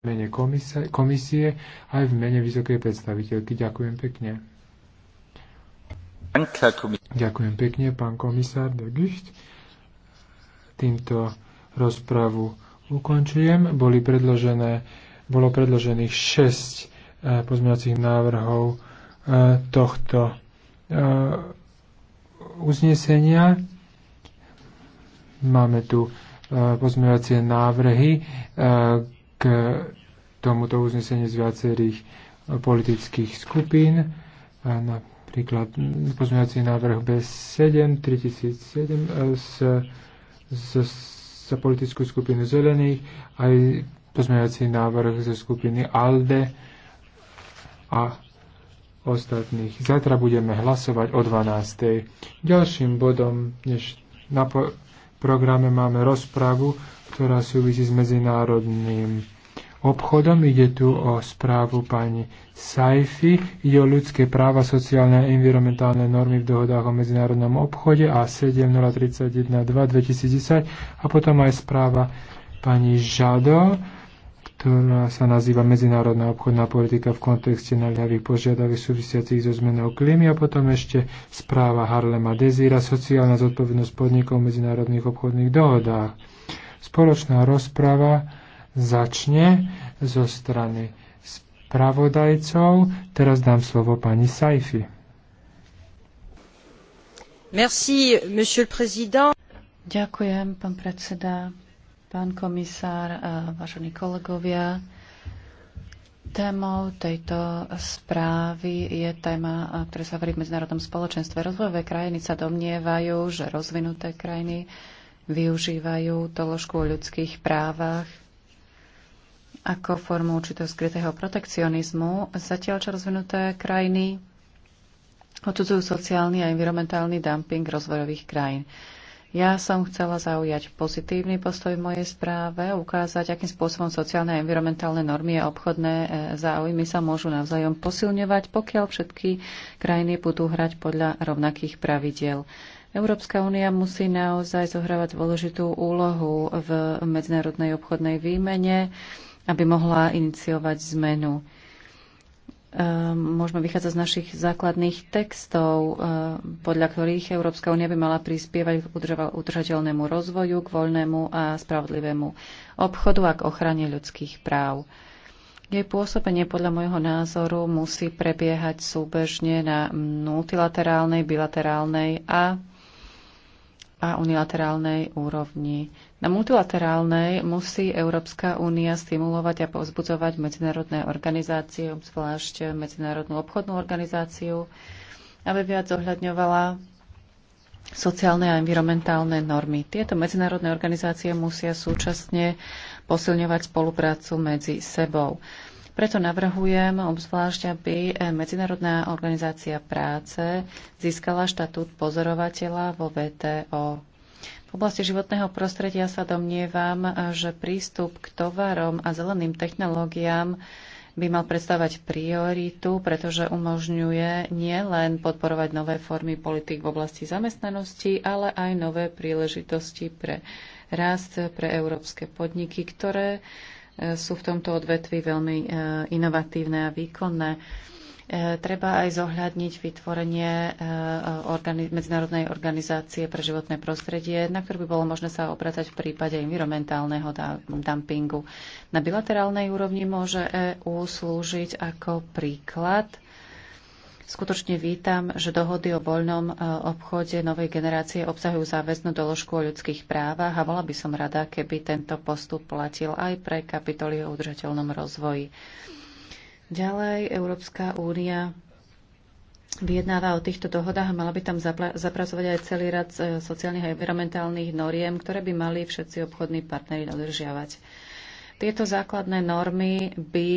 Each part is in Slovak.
mene komise, komisie aj v mene vysokej predstaviteľky. Ďakujem pekne. Ďakujem pekne, pán komisár de Gucht. Týmto rozpravu ukončujem. Boli predložené, bolo predložených 6 eh, pozmeňovacích návrhov eh, tohto eh, uznesenia. Máme tu pozmeňovacie návrhy, k tomuto uzneseniu z viacerých politických skupín. Napríklad pozmeňovací návrh B7 3007 z, z, za politickú skupinu zelených, aj pozmeňovací návrh ze skupiny ALDE a ostatných. Zajtra budeme hlasovať o 12. Ďalším bodom než na po- programe máme rozpravu, ktorá súvisí s medzinárodným obchodom. Ide tu o správu pani Saifi. Ide o ľudské práva, sociálne a environmentálne normy v dohodách o medzinárodnom obchode a 7031.2.2010 2010 a potom aj správa pani Žado ktorá sa nazýva medzinárodná obchodná politika v kontexte naliavých požiadaviek súvisiacich so zmenou klímy a potom ešte správa Harlema Dezíra, sociálna zodpovednosť podnikov v medzinárodných obchodných dohodách. Spoločná rozprava začne zo strany spravodajcov. Teraz dám slovo pani Saifi. Merci, monsieur le président. Ďakujem, pán predseda pán komisár, eh, vážení kolegovia. Témou tejto správy je téma, eh, ktorá sa hovorí v medzinárodnom spoločenstve. Rozvojové krajiny sa domnievajú, že rozvinuté krajiny využívajú doložku o ľudských právach ako formu určitého skrytého protekcionizmu, zatiaľ čo rozvinuté krajiny odsudzujú sociálny a environmentálny dumping rozvojových krajín. Ja som chcela zaujať pozitívny postoj v mojej správe, ukázať, akým spôsobom sociálne a environmentálne normy a obchodné e, záujmy sa môžu navzájom posilňovať, pokiaľ všetky krajiny budú hrať podľa rovnakých pravidiel. Európska únia musí naozaj zohrávať dôležitú úlohu v medzinárodnej obchodnej výmene, aby mohla iniciovať zmenu. Ehm, môžeme vychádzať z našich základných textov, ehm, podľa ktorých Európska únia by mala prispievať k udržateľnému rozvoju, k voľnému a spravodlivému obchodu a k ochrane ľudských práv. Jej pôsobenie podľa môjho názoru musí prebiehať súbežne na multilaterálnej, bilaterálnej a a unilaterálnej úrovni. Na multilaterálnej musí Európska únia stimulovať a povzbudzovať medzinárodné organizácie, zvlášť Medzinárodnú obchodnú organizáciu, aby viac zohľadňovala sociálne a environmentálne normy. Tieto medzinárodné organizácie musia súčasne posilňovať spoluprácu medzi sebou. Preto navrhujem obzvlášť, aby Medzinárodná organizácia práce získala štatút pozorovateľa vo VTO. V oblasti životného prostredia sa domnievam, že prístup k tovarom a zeleným technológiám by mal predstavať prioritu, pretože umožňuje nielen podporovať nové formy politik v oblasti zamestnanosti, ale aj nové príležitosti pre rast pre európske podniky, ktoré sú v tomto odvetvi veľmi e, inovatívne a výkonné. E, treba aj zohľadniť vytvorenie e, organi- Medzinárodnej organizácie pre životné prostredie, na ktorú by bolo možné sa obratať v prípade environmentálneho dumpingu. Na bilaterálnej úrovni môže EÚ slúžiť ako príklad Skutočne vítam, že dohody o voľnom e, obchode novej generácie obsahujú záväznú doložku o ľudských právach a bola by som rada, keby tento postup platil aj pre kapitoly o udržateľnom rozvoji. Ďalej Európska únia vyjednáva o týchto dohodách a mala by tam zapracovať aj celý rad e, sociálnych a environmentálnych noriem, ktoré by mali všetci obchodní partneri dodržiavať. Tieto základné normy by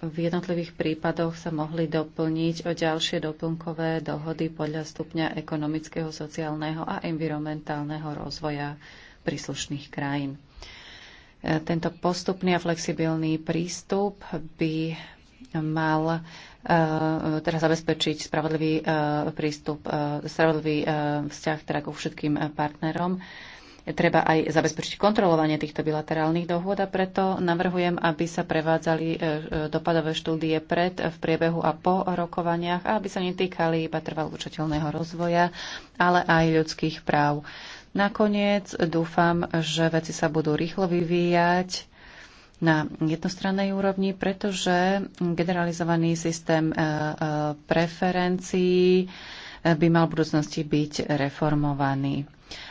v jednotlivých prípadoch sa mohli doplniť o ďalšie doplnkové dohody podľa stupňa ekonomického, sociálneho a environmentálneho rozvoja príslušných krajín. E, tento postupný a flexibilný prístup by mal e, teda zabezpečiť spravodlivý e, prístup, spravodlivý vzťah teda ku všetkým partnerom treba aj zabezpečiť kontrolovanie týchto bilaterálnych dohôd a preto navrhujem, aby sa prevádzali e, e, dopadové štúdie pred, v priebehu a po rokovaniach a aby sa netýkali iba trvalúčateľného učiteľného rozvoja, ale aj ľudských práv. Nakoniec dúfam, že veci sa budú rýchlo vyvíjať na jednostrannej úrovni, pretože generalizovaný systém e, preferencií by mal v budúcnosti byť reformovaný.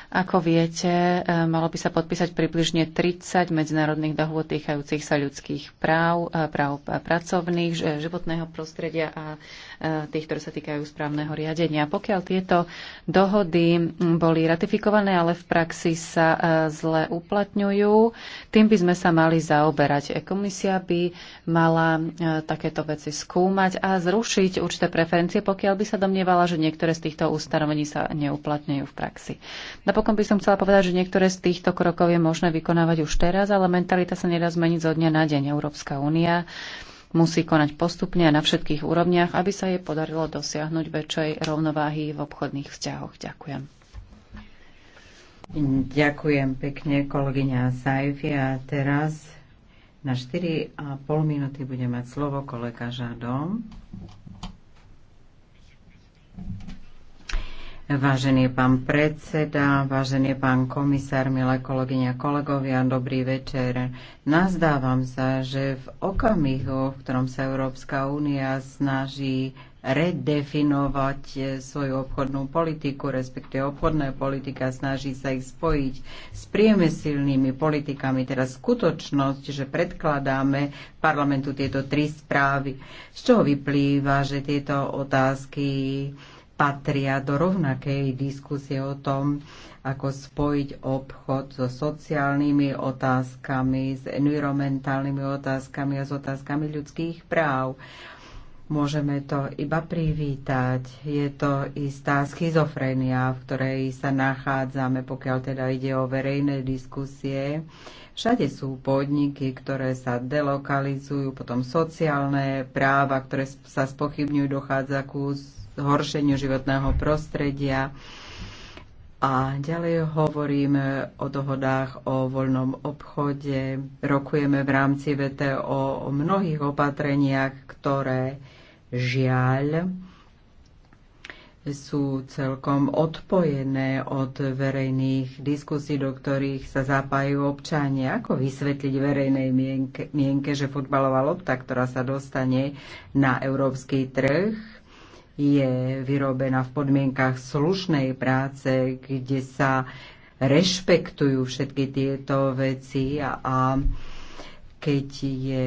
Ako viete, e, malo by sa podpísať približne 30 medzinárodných dohôd týkajúcich sa ľudských práv, e, práv pracovných, životného prostredia a Eh, tých, ktoré sa týkajú správneho riadenia. Pokiaľ tieto dohody boli ratifikované, ale v praxi sa eh, zle uplatňujú, tým by sme sa mali zaoberať. Komisia by mala eh, takéto veci skúmať a zrušiť určité preferencie, pokiaľ by sa domnievala, že niektoré z týchto ustanovení sa neuplatňujú v praxi. Napokon by som chcela povedať, že niektoré z týchto krokov je možné vykonávať už teraz, ale mentalita sa nedá zmeniť zo dňa na deň. Európska únia musí konať postupne a na všetkých úrovniach, aby sa jej podarilo dosiahnuť väčšej rovnováhy v obchodných vzťahoch. Ďakujem. Ďakujem pekne, kolegyňa Sajfi. A teraz na 4,5 minúty bude mať slovo kolega Žadom. Vážený pán predseda, vážený pán komisár, milé kolegyne a kolegovia, dobrý večer. Nazdávam sa, že v okamihu, v ktorom sa Európska únia snaží redefinovať svoju obchodnú politiku, respektíve obchodná politika, snaží sa ich spojiť s priemyselnými politikami. teda skutočnosť, že predkladáme parlamentu tieto tri správy, z čoho vyplýva, že tieto otázky patria do rovnakej diskusie o tom, ako spojiť obchod so sociálnymi otázkami, s environmentálnymi otázkami a s otázkami ľudských práv. Môžeme to iba privítať. Je to istá schizofrenia, v ktorej sa nachádzame, pokiaľ teda ide o verejné diskusie. Všade sú podniky, ktoré sa delokalizujú, potom sociálne práva, ktoré sa spochybňujú, dochádza ku zhoršeniu životného prostredia. A ďalej hovoríme o dohodách o voľnom obchode, rokujeme v rámci VTO o mnohých opatreniach, ktoré žiaľ sú celkom odpojené od verejných diskusí, do ktorých sa zapájajú občania. Ako vysvetliť verejnej mienke, mienke že futbalová lopta, ktorá sa dostane na európsky trh, je vyrobená v podmienkach slušnej práce, kde sa rešpektujú všetky tieto veci a, a keď je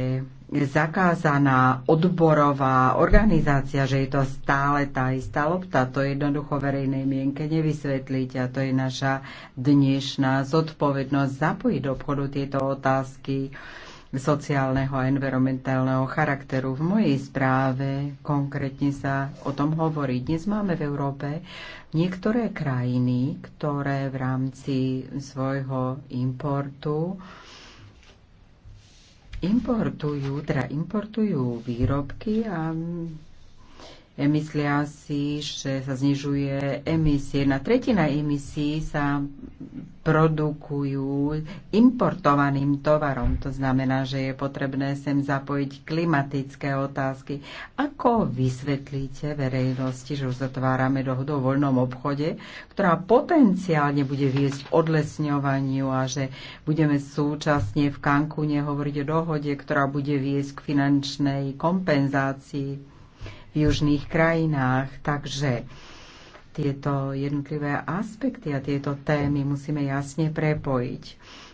zakázaná odborová organizácia, že je to stále tá istá lopta. To jednoducho verejnej mienke nevysvetliť a to je naša dnešná zodpovednosť zapojiť do obchodu tieto otázky sociálneho a environmentálneho charakteru. V mojej správe konkrétne sa o tom hovorí. Dnes máme v Európe niektoré krajiny, ktoré v rámci svojho importu importujú, teda importujú výrobky a Myslia si, že sa znižuje emisie. Na tretina emisí sa produkujú importovaným tovarom. To znamená, že je potrebné sem zapojiť klimatické otázky. Ako vysvetlíte verejnosti, že už zatvárame dohodu o voľnom obchode, ktorá potenciálne bude viesť k odlesňovaniu a že budeme súčasne v Kankune hovoriť o dohode, ktorá bude viesť k finančnej kompenzácii južných krajinách. Takže tieto jednotlivé aspekty a tieto témy musíme jasne prepojiť.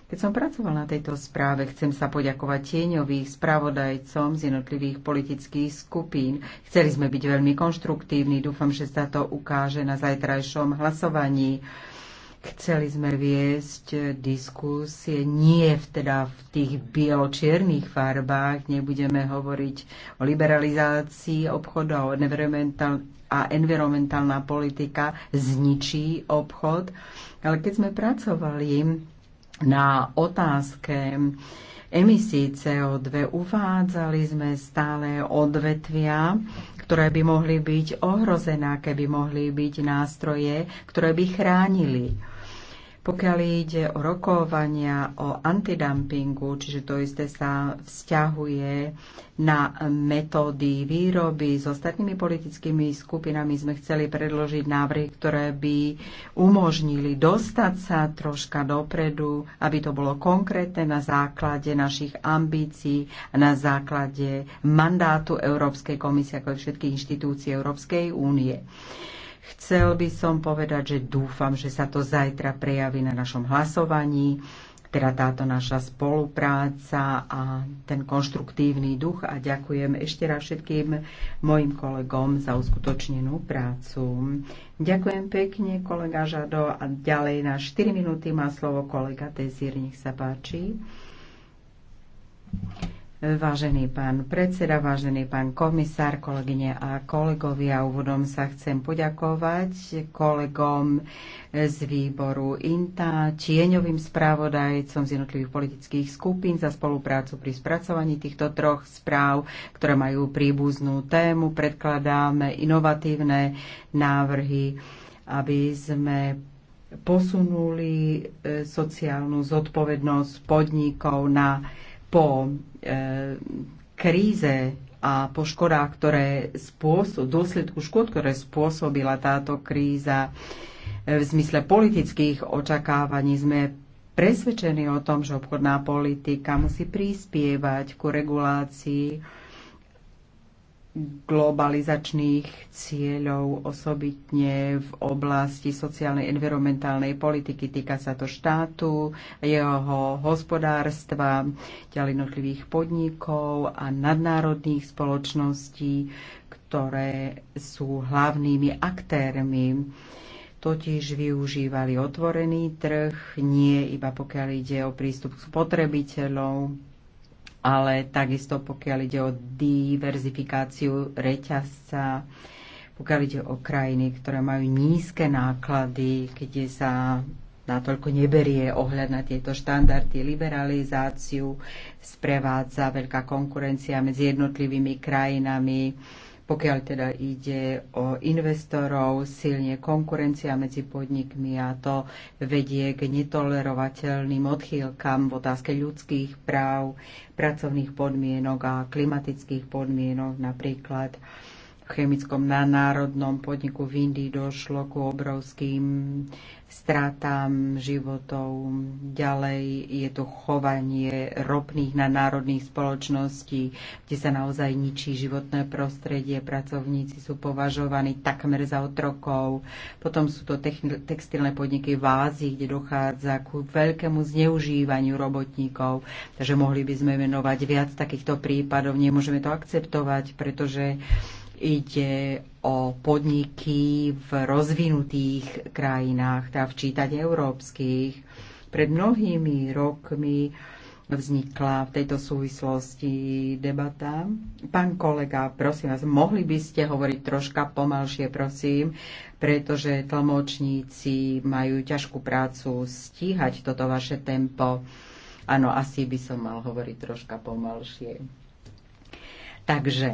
Keď som pracoval na tejto správe, chcem sa poďakovať tieňových spravodajcom z jednotlivých politických skupín. Chceli sme byť veľmi konštruktívni, dúfam, že sa to ukáže na zajtrajšom hlasovaní. Chceli sme viesť diskusie nie v, teda v tých bielo-čiernych farbách, nebudeme hovoriť o liberalizácii obchodu a environmentálna politika zničí obchod. Ale keď sme pracovali na otázke emisí CO2, uvádzali sme stále odvetvia, ktoré by mohli byť ohrozená, keby mohli byť nástroje, ktoré by chránili pokiaľ ide o rokovania o antidumpingu, čiže to isté sa vzťahuje na metódy výroby s ostatnými politickými skupinami, sme chceli predložiť návrhy, ktoré by umožnili dostať sa troška dopredu, aby to bolo konkrétne na základe našich ambícií, na základe mandátu Európskej komisie, ako aj všetkých inštitúcií Európskej únie. Chcel by som povedať, že dúfam, že sa to zajtra prejaví na našom hlasovaní, teda táto naša spolupráca a ten konštruktívny duch a ďakujem ešte raz všetkým mojim kolegom za uskutočnenú prácu. Ďakujem pekne, kolega Žado. A ďalej na 4 minúty má slovo kolega Tezír. Nech sa páči. Vážený pán predseda, vážený pán komisár, kolegyne a kolegovia, úvodom sa chcem poďakovať kolegom z výboru INTA, tieňovým správodajcom z jednotlivých politických skupín za spoluprácu pri spracovaní týchto troch správ, ktoré majú príbuznú tému. Predkladáme inovatívne návrhy, aby sme posunuli e, sociálnu zodpovednosť podnikov na po e, kríze a po škodách, ktoré spôsob, dôsledku škôd, ktoré spôsobila táto kríza e, v zmysle politických očakávaní sme presvedčení o tom, že obchodná politika musí prispievať ku regulácii globalizačných cieľov, osobitne v oblasti sociálnej environmentálnej politiky. Týka sa to štátu, jeho hospodárstva, ďalej jednotlivých podnikov a nadnárodných spoločností, ktoré sú hlavnými aktérmi totiž využívali otvorený trh, nie iba pokiaľ ide o prístup spotrebiteľov, ale takisto pokiaľ ide o diverzifikáciu reťazca, pokiaľ ide o krajiny, ktoré majú nízke náklady, keď sa natoľko neberie ohľad na tieto štandardy. Liberalizáciu sprevádza veľká konkurencia medzi jednotlivými krajinami pokiaľ teda ide o investorov, silne konkurencia medzi podnikmi a to vedie k netolerovateľným odchýlkam v otázke ľudských práv, pracovných podmienok a klimatických podmienok napríklad chemickom na národnom podniku v Indii došlo ku obrovským stratám životov. Ďalej je to chovanie ropných na národných spoločností, kde sa naozaj ničí životné prostredie. Pracovníci sú považovaní takmer za otrokov. Potom sú to textilné podniky v Ázii, kde dochádza ku veľkému zneužívaniu robotníkov. Takže mohli by sme menovať viac takýchto prípadov. Nemôžeme to akceptovať, pretože Ide o podniky v rozvinutých krajinách, tá včítať európskych. Pred mnohými rokmi vznikla v tejto súvislosti debata. Pán kolega, prosím vás, mohli by ste hovoriť troška pomalšie, prosím, pretože tlmočníci majú ťažkú prácu stíhať toto vaše tempo. Áno, asi by som mal hovoriť troška pomalšie. Takže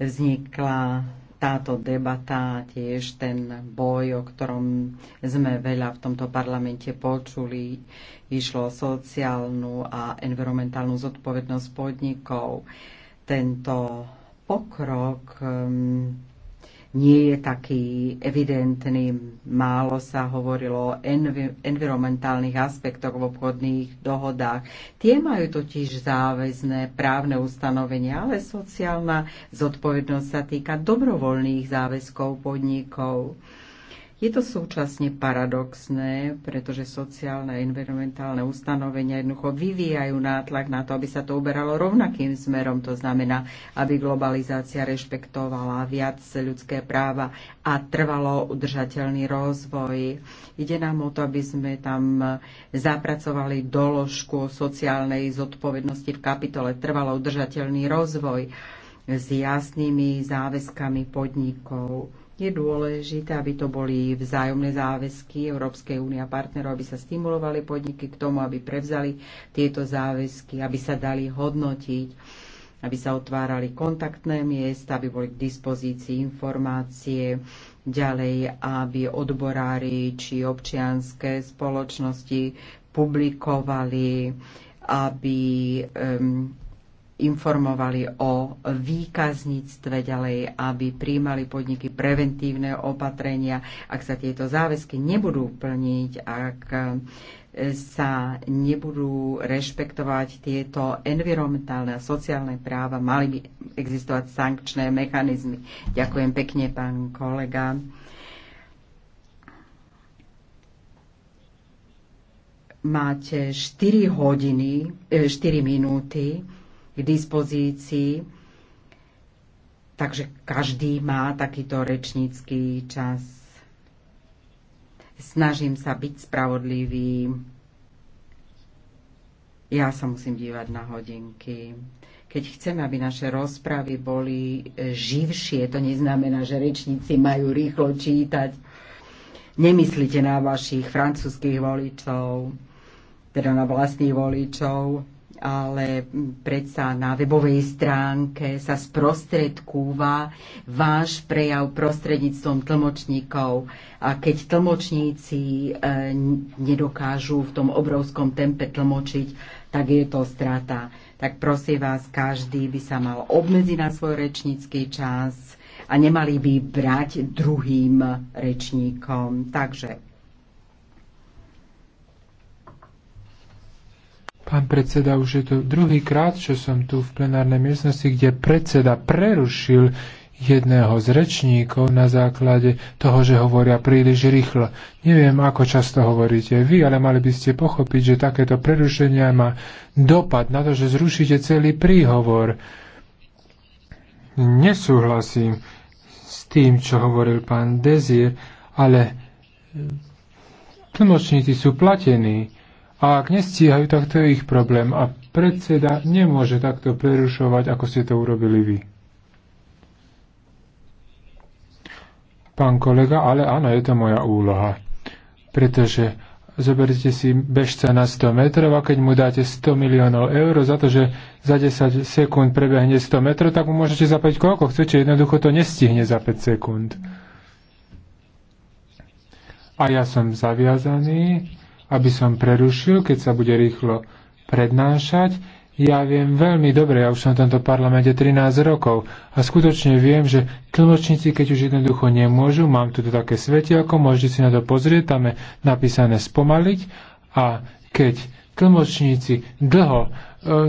vznikla táto debata, tiež ten boj, o ktorom sme veľa v tomto parlamente počuli. Išlo o sociálnu a environmentálnu zodpovednosť podnikov. Tento pokrok um, nie je taký evidentný. Málo sa hovorilo o envi- environmentálnych aspektoch v obchodných dohodách. Tie majú totiž záväzné právne ustanovenia, ale sociálna zodpovednosť sa týka dobrovoľných záväzkov podnikov. Je to súčasne paradoxné, pretože sociálne a environmentálne ustanovenia jednoducho vyvíjajú nátlak na to, aby sa to uberalo rovnakým smerom. To znamená, aby globalizácia rešpektovala viac ľudské práva a trvalo udržateľný rozvoj. Ide nám o to, aby sme tam zapracovali doložku o sociálnej zodpovednosti v kapitole trvalo udržateľný rozvoj s jasnými záväzkami podnikov je dôležité, aby to boli vzájomné záväzky Európskej únie a partnerov, aby sa stimulovali podniky k tomu, aby prevzali tieto záväzky, aby sa dali hodnotiť, aby sa otvárali kontaktné miesta, aby boli k dispozícii informácie, ďalej, aby odborári či občianské spoločnosti publikovali aby um, informovali o výkazníctve ďalej, aby príjmali podniky preventívne opatrenia, ak sa tieto záväzky nebudú plniť, ak e, sa nebudú rešpektovať tieto environmentálne a sociálne práva, mali by existovať sankčné mechanizmy. Ďakujem pekne, pán kolega. Máte 4 hodiny, 4 e, minúty k dispozícii. Takže každý má takýto rečnícky čas. Snažím sa byť spravodlivý. Ja sa musím dívať na hodinky. Keď chceme, aby naše rozpravy boli živšie, to neznamená, že rečníci majú rýchlo čítať. Nemyslíte na vašich francúzských voličov, teda na vlastných voličov, ale predsa na webovej stránke sa sprostredkúva váš prejav prostredníctvom tlmočníkov. A keď tlmočníci e, nedokážu v tom obrovskom tempe tlmočiť, tak je to strata. Tak prosím vás, každý by sa mal obmedziť na svoj rečnícky čas a nemali by brať druhým rečníkom. Takže Pán predseda, už je to druhý krát, čo som tu v plenárnej miestnosti, kde predseda prerušil jedného z rečníkov na základe toho, že hovoria príliš rýchlo. Neviem, ako často hovoríte vy, ale mali by ste pochopiť, že takéto prerušenia má dopad na to, že zrušíte celý príhovor. Nesúhlasím s tým, čo hovoril pán Dezir, ale tlmočníci sú platení a ak nestíhajú, tak to je ich problém. A predseda nemôže takto prerušovať, ako ste to urobili vy. Pán kolega, ale áno, je to moja úloha. Pretože zoberte si bežca na 100 metrov a keď mu dáte 100 miliónov eur za to, že za 10 sekúnd prebehne 100 metrov, tak mu môžete 5 koľko chcete. Jednoducho to nestihne za 5 sekúnd. A ja som zaviazaný aby som prerušil, keď sa bude rýchlo prednášať. Ja viem veľmi dobre, ja už som v tomto parlamente 13 rokov a skutočne viem, že tlmočníci, keď už jednoducho nemôžu, mám tu také svetielko, môžete si na to pozrieť, tam je napísané spomaliť a keď tlmočníci dlho e,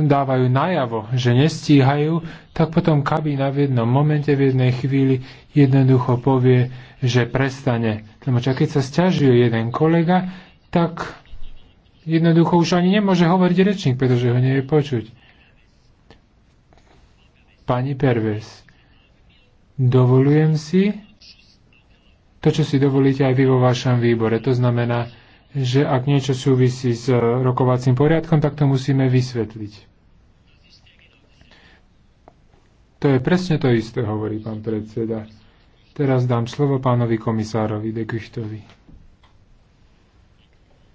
dávajú najavo, že nestíhajú, tak potom kabína v jednom momente, v jednej chvíli jednoducho povie, že prestane. Tlmoča, keď sa stiažuje jeden kolega, tak jednoducho už ani nemôže hovoriť rečník, pretože ho nie je počuť. Pani Pervers, dovolujem si to, čo si dovolíte aj vy vo vašom výbore. To znamená, že ak niečo súvisí s e, rokovacím poriadkom, tak to musíme vysvetliť. To je presne to isté, hovorí pán predseda. Teraz dám slovo pánovi komisárovi Dekuchtovi.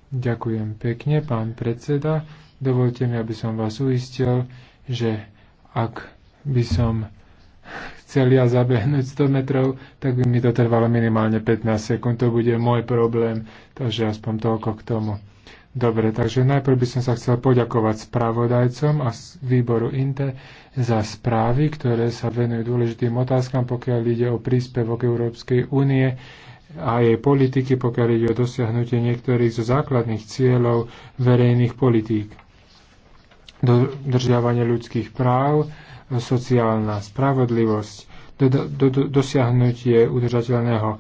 Ďakujem pekne, pán predseda. Dovolte mi, aby som vás uistil, že ak by som chcel ja zabehnúť 100 metrov, tak by mi to trvalo minimálne 15 sekúnd. To bude môj problém, takže aspoň toľko k tomu. Dobre, takže najprv by som sa chcel poďakovať spravodajcom a výboru INTE za správy, ktoré sa venujú dôležitým otázkam, pokiaľ ide o príspevok Európskej únie a jej politiky, pokiaľ ide o dosiahnutie niektorých zo základných cieľov verejných politík. Dodržiavanie ľudských práv, sociálna spravodlivosť, do, do, do, dosiahnutie udržateľného e,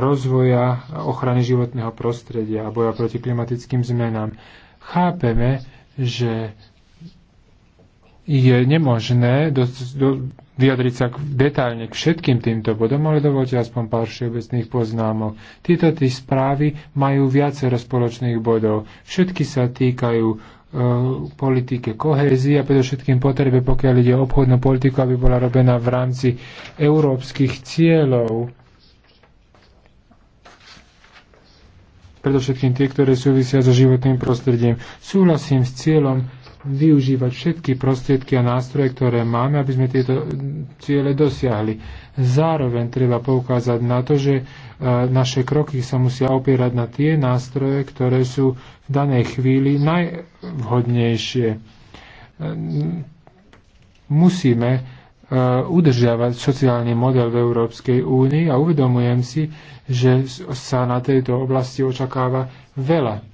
rozvoja ochrany životného prostredia a boja proti klimatickým zmenám. Chápeme, že je nemožné do, do, vyjadriť sa detailne k všetkým týmto bodom, ale dovolte aspoň pár všeobecných poznámok. Tieto tri správy majú viacero spoločných bodov. Všetky sa týkajú e, politike kohézie a predovšetkým potrebe, pokiaľ ide o obchodnú politiku, aby bola robená v rámci európskych cieľov. Predovšetkým tie, ktoré súvisia so životným prostredím. Súhlasím s cieľom využívať všetky prostriedky a nástroje, ktoré máme, aby sme tieto ciele dosiahli. Zároveň treba poukázať na to, že e, naše kroky sa musia opierať na tie nástroje, ktoré sú v danej chvíli najvhodnejšie. E, musíme e, udržiavať sociálny model v Európskej únii a uvedomujem si, že sa na tejto oblasti očakáva veľa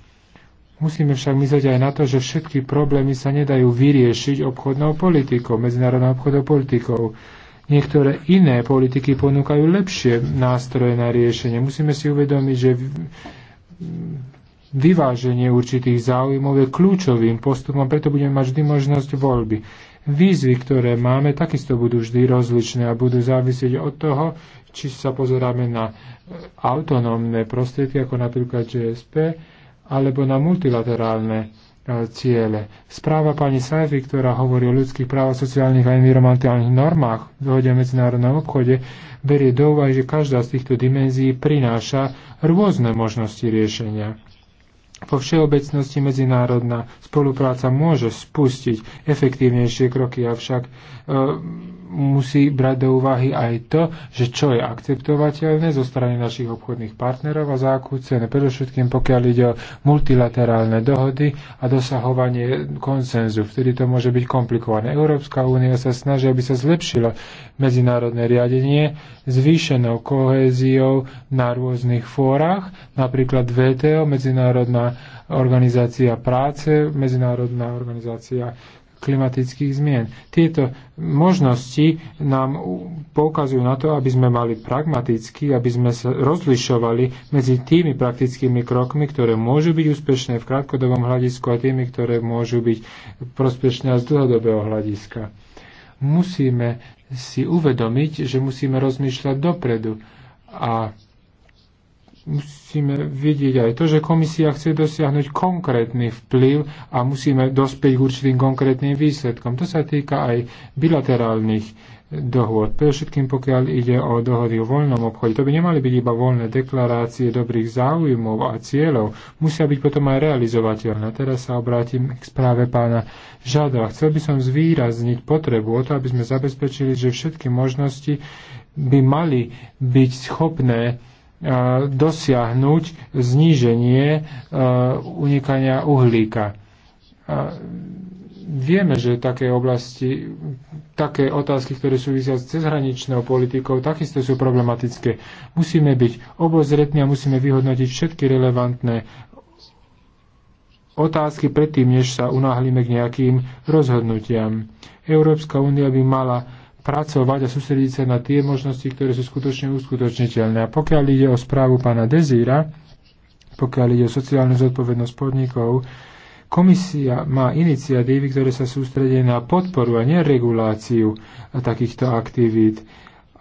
Musíme však myslieť aj na to, že všetky problémy sa nedajú vyriešiť obchodnou politikou, medzinárodnou obchodnou politikou. Niektoré iné politiky ponúkajú lepšie nástroje na riešenie. Musíme si uvedomiť, že vyváženie určitých záujmov je kľúčovým postupom, preto budeme mať vždy možnosť voľby. Výzvy, ktoré máme, takisto budú vždy rozličné a budú závisieť od toho, či sa pozeráme na autonómne prostriedky, ako napríklad GSP, alebo na multilaterálne e, ciele. Správa pani Saifi, ktorá hovorí o ľudských právach, sociálnych a environmentálnych normách v dohode o medzinárodnom obchode, berie do úvahy, že každá z týchto dimenzií prináša rôzne možnosti riešenia. Po všeobecnosti medzinárodná spolupráca môže spustiť efektívnejšie kroky, avšak e, musí brať do úvahy aj to, že čo je akceptovateľné zo strany našich obchodných partnerov a zákúcené, predovšetkým pokiaľ ide o multilaterálne dohody a dosahovanie konsenzu. Vtedy to môže byť komplikované. Európska únia sa snaží, aby sa zlepšilo medzinárodné riadenie zvýšenou kohéziou na rôznych fórach, napríklad VTO, medzinárodná organizácia práce, Medzinárodná organizácia klimatických zmien. Tieto možnosti nám poukazujú na to, aby sme mali pragmaticky, aby sme sa rozlišovali medzi tými praktickými krokmi, ktoré môžu byť úspešné v krátkodobom hľadisku a tými, ktoré môžu byť prospešné z dlhodobého hľadiska. Musíme si uvedomiť, že musíme rozmýšľať dopredu a musíme vidieť aj to, že komisia chce dosiahnuť konkrétny vplyv a musíme dospieť k určitým konkrétnym výsledkom. To sa týka aj bilaterálnych dohôd. Predovšetkým pokiaľ ide o dohody o voľnom obchode. To by nemali byť iba voľné deklarácie dobrých záujmov a cieľov. Musia byť potom aj realizovateľné. Teraz sa obrátim k správe pána Žada. Chcel by som zvýrazniť potrebu o to, aby sme zabezpečili, že všetky možnosti by mali byť schopné dosiahnuť zníženie unikania uhlíka. Vieme, že také oblasti, také otázky, ktoré súvisia s cezhraničnou politikou, takisto sú problematické. Musíme byť obozretní a musíme vyhodnotiť všetky relevantné otázky predtým, než sa unáhlime k nejakým rozhodnutiam. Európska únia by mala pracovať a sústrediť sa na tie možnosti, ktoré sú skutočne uskutočniteľné. A pokiaľ ide o správu pána Dezíra, pokiaľ ide o sociálnu zodpovednosť podnikov, Komisia má iniciatívy, ktoré sa sústredia na podporu a nereguláciu takýchto aktivít.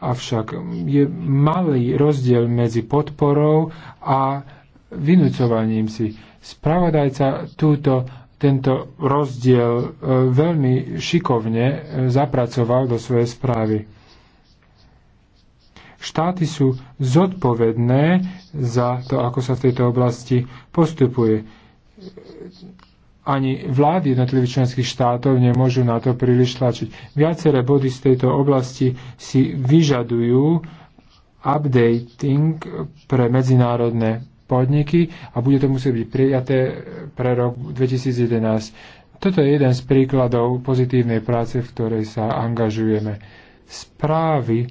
Avšak je malý rozdiel medzi podporou a vynúcovaním si. Spravodajca túto tento rozdiel e, veľmi šikovne e, zapracoval do svojej správy. Štáty sú zodpovedné za to, ako sa v tejto oblasti postupuje. Ani vlády jednotlivých členských štátov nemôžu na to príliš tlačiť. Viaceré body z tejto oblasti si vyžadujú updating pre medzinárodné podniky a bude to musieť byť prijaté pre rok 2011. Toto je jeden z príkladov pozitívnej práce, v ktorej sa angažujeme. Správy,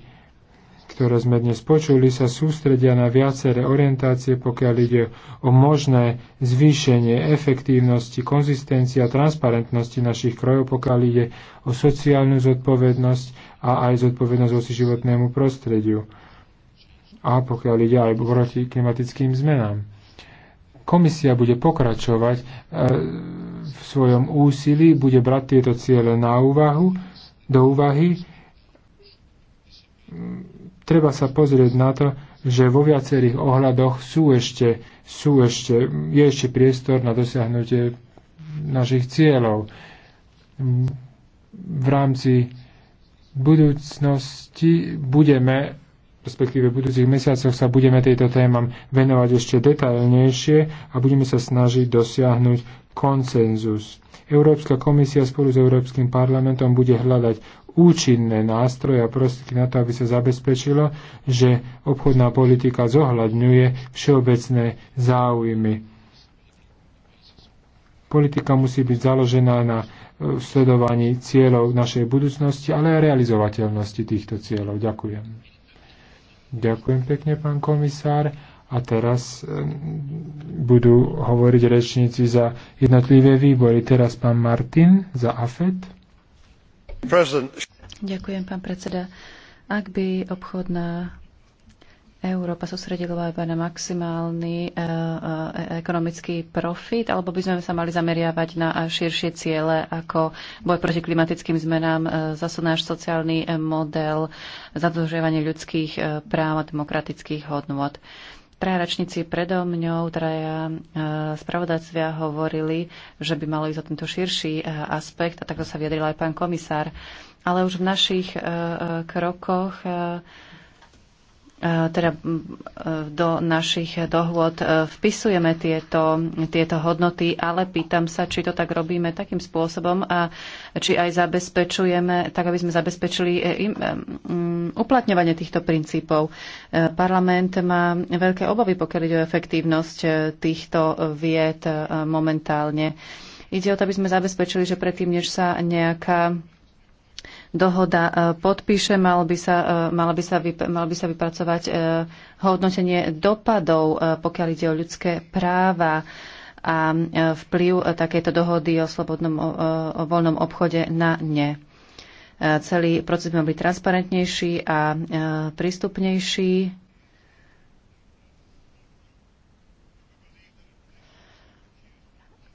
ktoré sme dnes počuli, sa sústredia na viaceré orientácie, pokiaľ ide o možné zvýšenie efektívnosti, konzistencie a transparentnosti našich krojov, pokiaľ ide o sociálnu zodpovednosť a aj zodpovednosť voči životnému prostrediu a pokiaľ ide aj proti klimatickým zmenám. Komisia bude pokračovať e, v svojom úsilí, bude brať tieto ciele na úvahu, do úvahy. Treba sa pozrieť na to, že vo viacerých ohľadoch sú ešte, sú ešte, je ešte priestor na dosiahnutie našich cieľov. V rámci budúcnosti budeme respektíve v budúcich mesiacoch sa budeme tejto témam venovať ešte detailnejšie a budeme sa snažiť dosiahnuť konsenzus. Európska komisia spolu s Európskym parlamentom bude hľadať účinné nástroje a prostriedky na to, aby sa zabezpečilo, že obchodná politika zohľadňuje všeobecné záujmy. Politika musí byť založená na e, sledovaní cieľov našej budúcnosti, ale aj realizovateľnosti týchto cieľov. Ďakujem. Ďakujem pekne, pán komisár. A teraz e, budú hovoriť rečníci za jednotlivé výbory. Teraz pán Martin za AFED. President. Ďakujem, pán predseda. Ak by obchodná Európa sústredila iba na maximálny eh, eh, eh, ekonomický profit, alebo by sme sa mali zameriavať na širšie ciele ako boj proti klimatickým zmenám, zase náš sociálny model, zadlžiavanie ľudských práv a demokratických hodnôt traja rečníci predo mňou, traja spravodajcovia hovorili, že by malo ísť o tento širší aspekt a takto sa vyjadril aj pán komisár. Ale už v našich krokoch E, teda e, do našich dohôd e, vpisujeme tieto, tieto hodnoty, ale pýtam sa, či to tak robíme takým spôsobom a či aj zabezpečujeme, tak aby sme zabezpečili im, uplatňovanie týchto princípov. Parlament má veľké obavy, pokiaľ ide o efektívnosť týchto vied momentálne. Ide o to, aby sme zabezpečili, že predtým, než sa nejaká dohoda e, podpíše, mal by sa, e, mal by sa, vyp- mal by sa vypracovať e, hodnotenie dopadov, pokiaľ ide o ľudské práva a vplyv takejto dohody o, slobodnom, o voľnom obchode na ne. Celý proces by mal byť transparentnejší a prístupnejší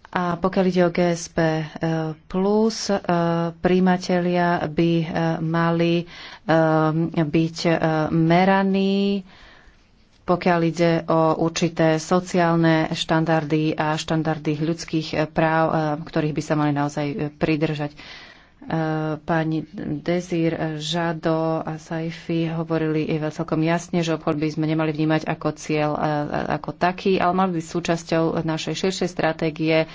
A pokiaľ ide o GSP+, eh, plus, eh, príjimatelia by eh, mali byť meraní, pokiaľ ide o určité sociálne štandardy a štandardy ľudských práv, ktorých by sa mali naozaj pridržať. Pani Dezir, Žado a Saifi hovorili celkom jasne, že obchod by sme nemali vnímať ako cieľ ako taký, ale mal by byť súčasťou našej širšej stratégie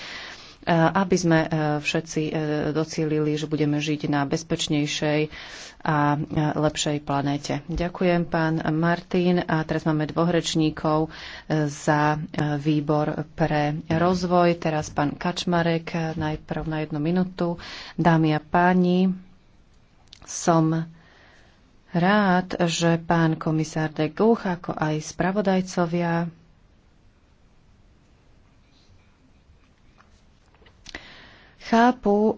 Eh, aby sme eh, všetci eh, docielili, že budeme žiť na bezpečnejšej a lepšej planéte. Ďakujem, pán Martin. A teraz máme dvoch rečníkov za výbor pre rozvoj. Teraz pán Kačmarek, najprv na jednu minútu. Dámy a páni, som rád, že pán komisár de Guch, ako aj spravodajcovia, chápu,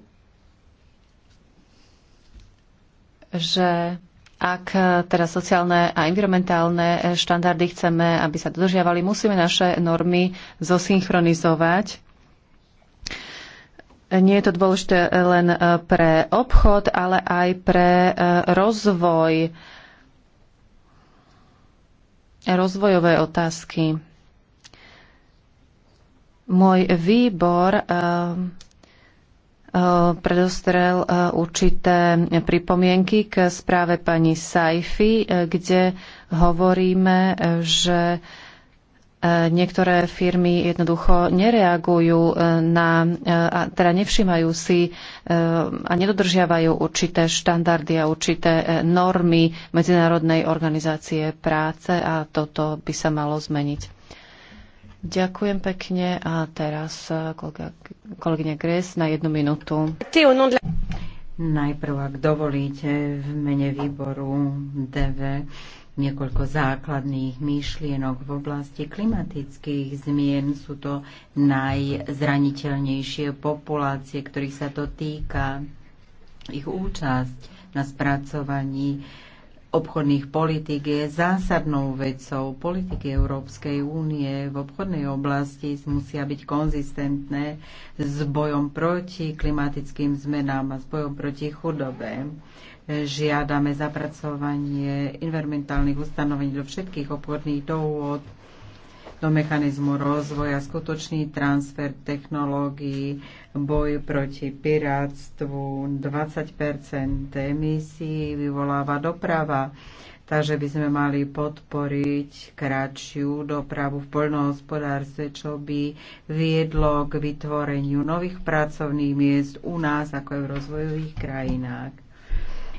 že ak teda sociálne a environmentálne štandardy chceme, aby sa dodržiavali, musíme naše normy zosynchronizovať. Nie je to dôležité len pre obchod, ale aj pre eh, rozvoj, rozvojové otázky. Môj výbor eh, E, predostrel e, určité pripomienky k správe pani Saifi, e, kde hovoríme, že niektoré firmy jednoducho nereagujú na, teda nevšimajú si a nedodržiavajú určité štandardy a určité normy Medzinárodnej organizácie práce a toto by sa malo zmeniť. Ďakujem pekne a teraz eh, kolegyňa Gres na jednu minútu. Najprv, ak dovolíte, v mene výboru DV niekoľko základných myšlienok v oblasti klimatických zmien. Sú to najzraniteľnejšie populácie, ktorých sa to týka. Ich účasť na spracovaní obchodných politik je zásadnou vecou. Politiky Európskej únie v obchodnej oblasti musia byť konzistentné s bojom proti klimatickým zmenám a s bojom proti chudobe. Žiadame zapracovanie environmentálnych ustanovení do všetkých obchodných dohôd do mechanizmu rozvoja, skutočný transfer technológií, boj proti pirátstvu, 20 emisí vyvoláva doprava. Takže by sme mali podporiť kratšiu dopravu v poľnohospodárstve, čo by viedlo k vytvoreniu nových pracovných miest u nás ako aj v rozvojových krajinách.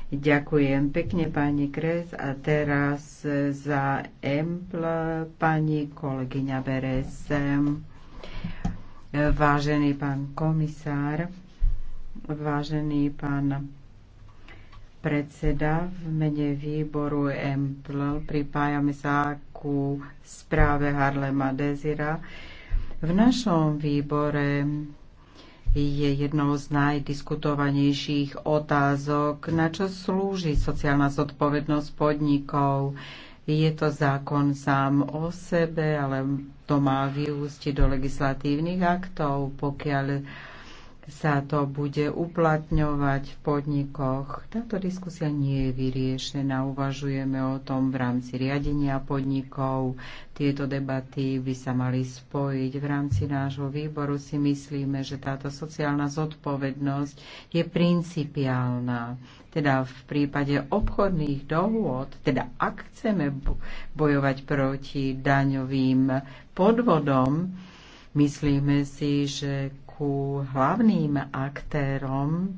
Ďakujem pekne pani Kres a teraz za EMPL pani kolegyňa Beres. Vážený pán komisár, vážený pán predseda v mene výboru EMPL, pripájame sa ku správe Harlema Dezira. V našom výbore je jednou z najdiskutovanejších otázok, na čo slúži sociálna zodpovednosť podnikov. Je to zákon sám o sebe, ale to má vyústiť do legislatívnych aktov, pokiaľ sa to bude uplatňovať v podnikoch. Táto diskusia nie je vyriešená. Uvažujeme o tom v rámci riadenia podnikov. Tieto debaty by sa mali spojiť. V rámci nášho výboru si myslíme, že táto sociálna zodpovednosť je principiálna. Teda v prípade obchodných dohôd, teda ak chceme bojovať proti daňovým podvodom, myslíme si, že roku hlavným aktérom,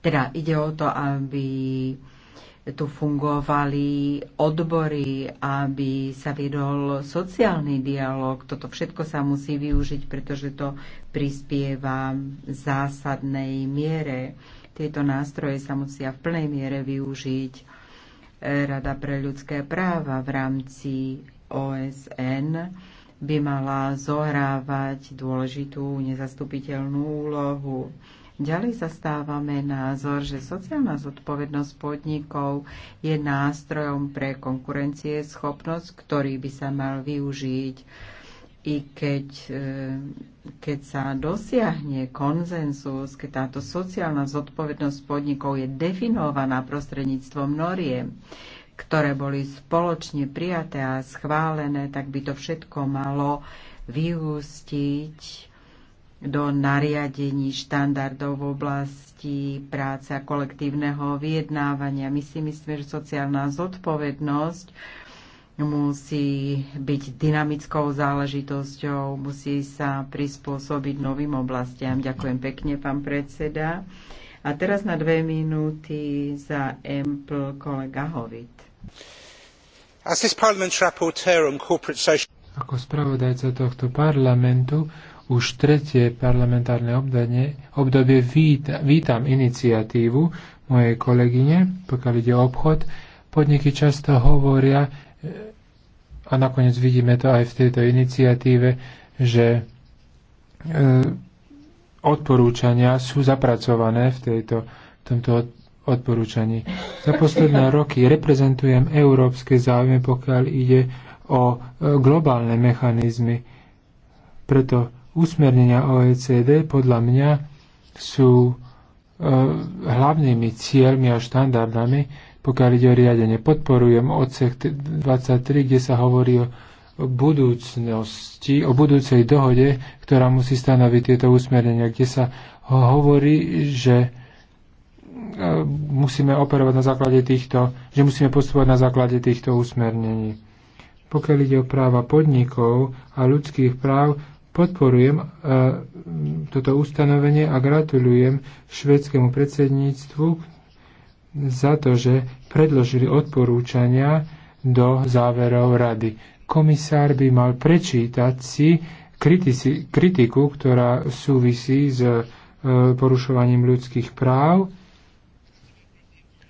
teda ide o to, aby tu fungovali odbory, aby sa vedol sociálny dialog. Toto všetko sa musí využiť, pretože to prispieva v zásadnej miere. Tieto nástroje sa musia v plnej miere využiť. Rada pre ľudské práva v rámci OSN by mala zohrávať dôležitú nezastupiteľnú úlohu. Ďalej zastávame názor, že sociálna zodpovednosť podnikov je nástrojom pre konkurencie schopnosť, ktorý by sa mal využiť i keď, e, keď sa dosiahne konzensus, keď táto sociálna zodpovednosť podnikov je definovaná prostredníctvom noriem, ktoré boli spoločne prijaté a schválené, tak by to všetko malo vyústiť do nariadení štandardov v oblasti práce a kolektívneho vyjednávania. My si myslíme, že sociálna zodpovednosť musí byť dynamickou záležitosťou, musí sa prispôsobiť novým oblastiam. Ďakujem pekne, pán predseda. A teraz na dve minúty za Empl kolega Hovit. Ako spravodajca tohto parlamentu už tretie parlamentárne obdanie, obdobie víta, vítam iniciatívu mojej kolegyne, pokiaľ ide o obchod. Podniky často hovoria, eh, a nakoniec vidíme to aj v tejto iniciatíve, že eh, odporúčania sú zapracované v, tejto, v tomto odporúčaní. Za posledné roky reprezentujem európske záujmy, pokiaľ ide o e, globálne mechanizmy. Preto usmernenia OECD podľa mňa sú e, hlavnými cieľmi a štandardami, pokiaľ ide o riadenie. Podporujem odsek 23, kde sa hovorí o budúcnosti, o budúcej dohode, ktorá musí stanoviť tieto usmernenia, kde sa hovorí, že E, musíme operovať na základe týchto, že musíme postupovať na základe týchto usmernení. Pokiaľ ide o práva podnikov a ľudských práv, podporujem e, toto ustanovenie a gratulujem švedskému predsedníctvu za to, že predložili odporúčania do záverov rady. Komisár by mal prečítať si kritici, kritiku, ktorá súvisí s e, porušovaním ľudských práv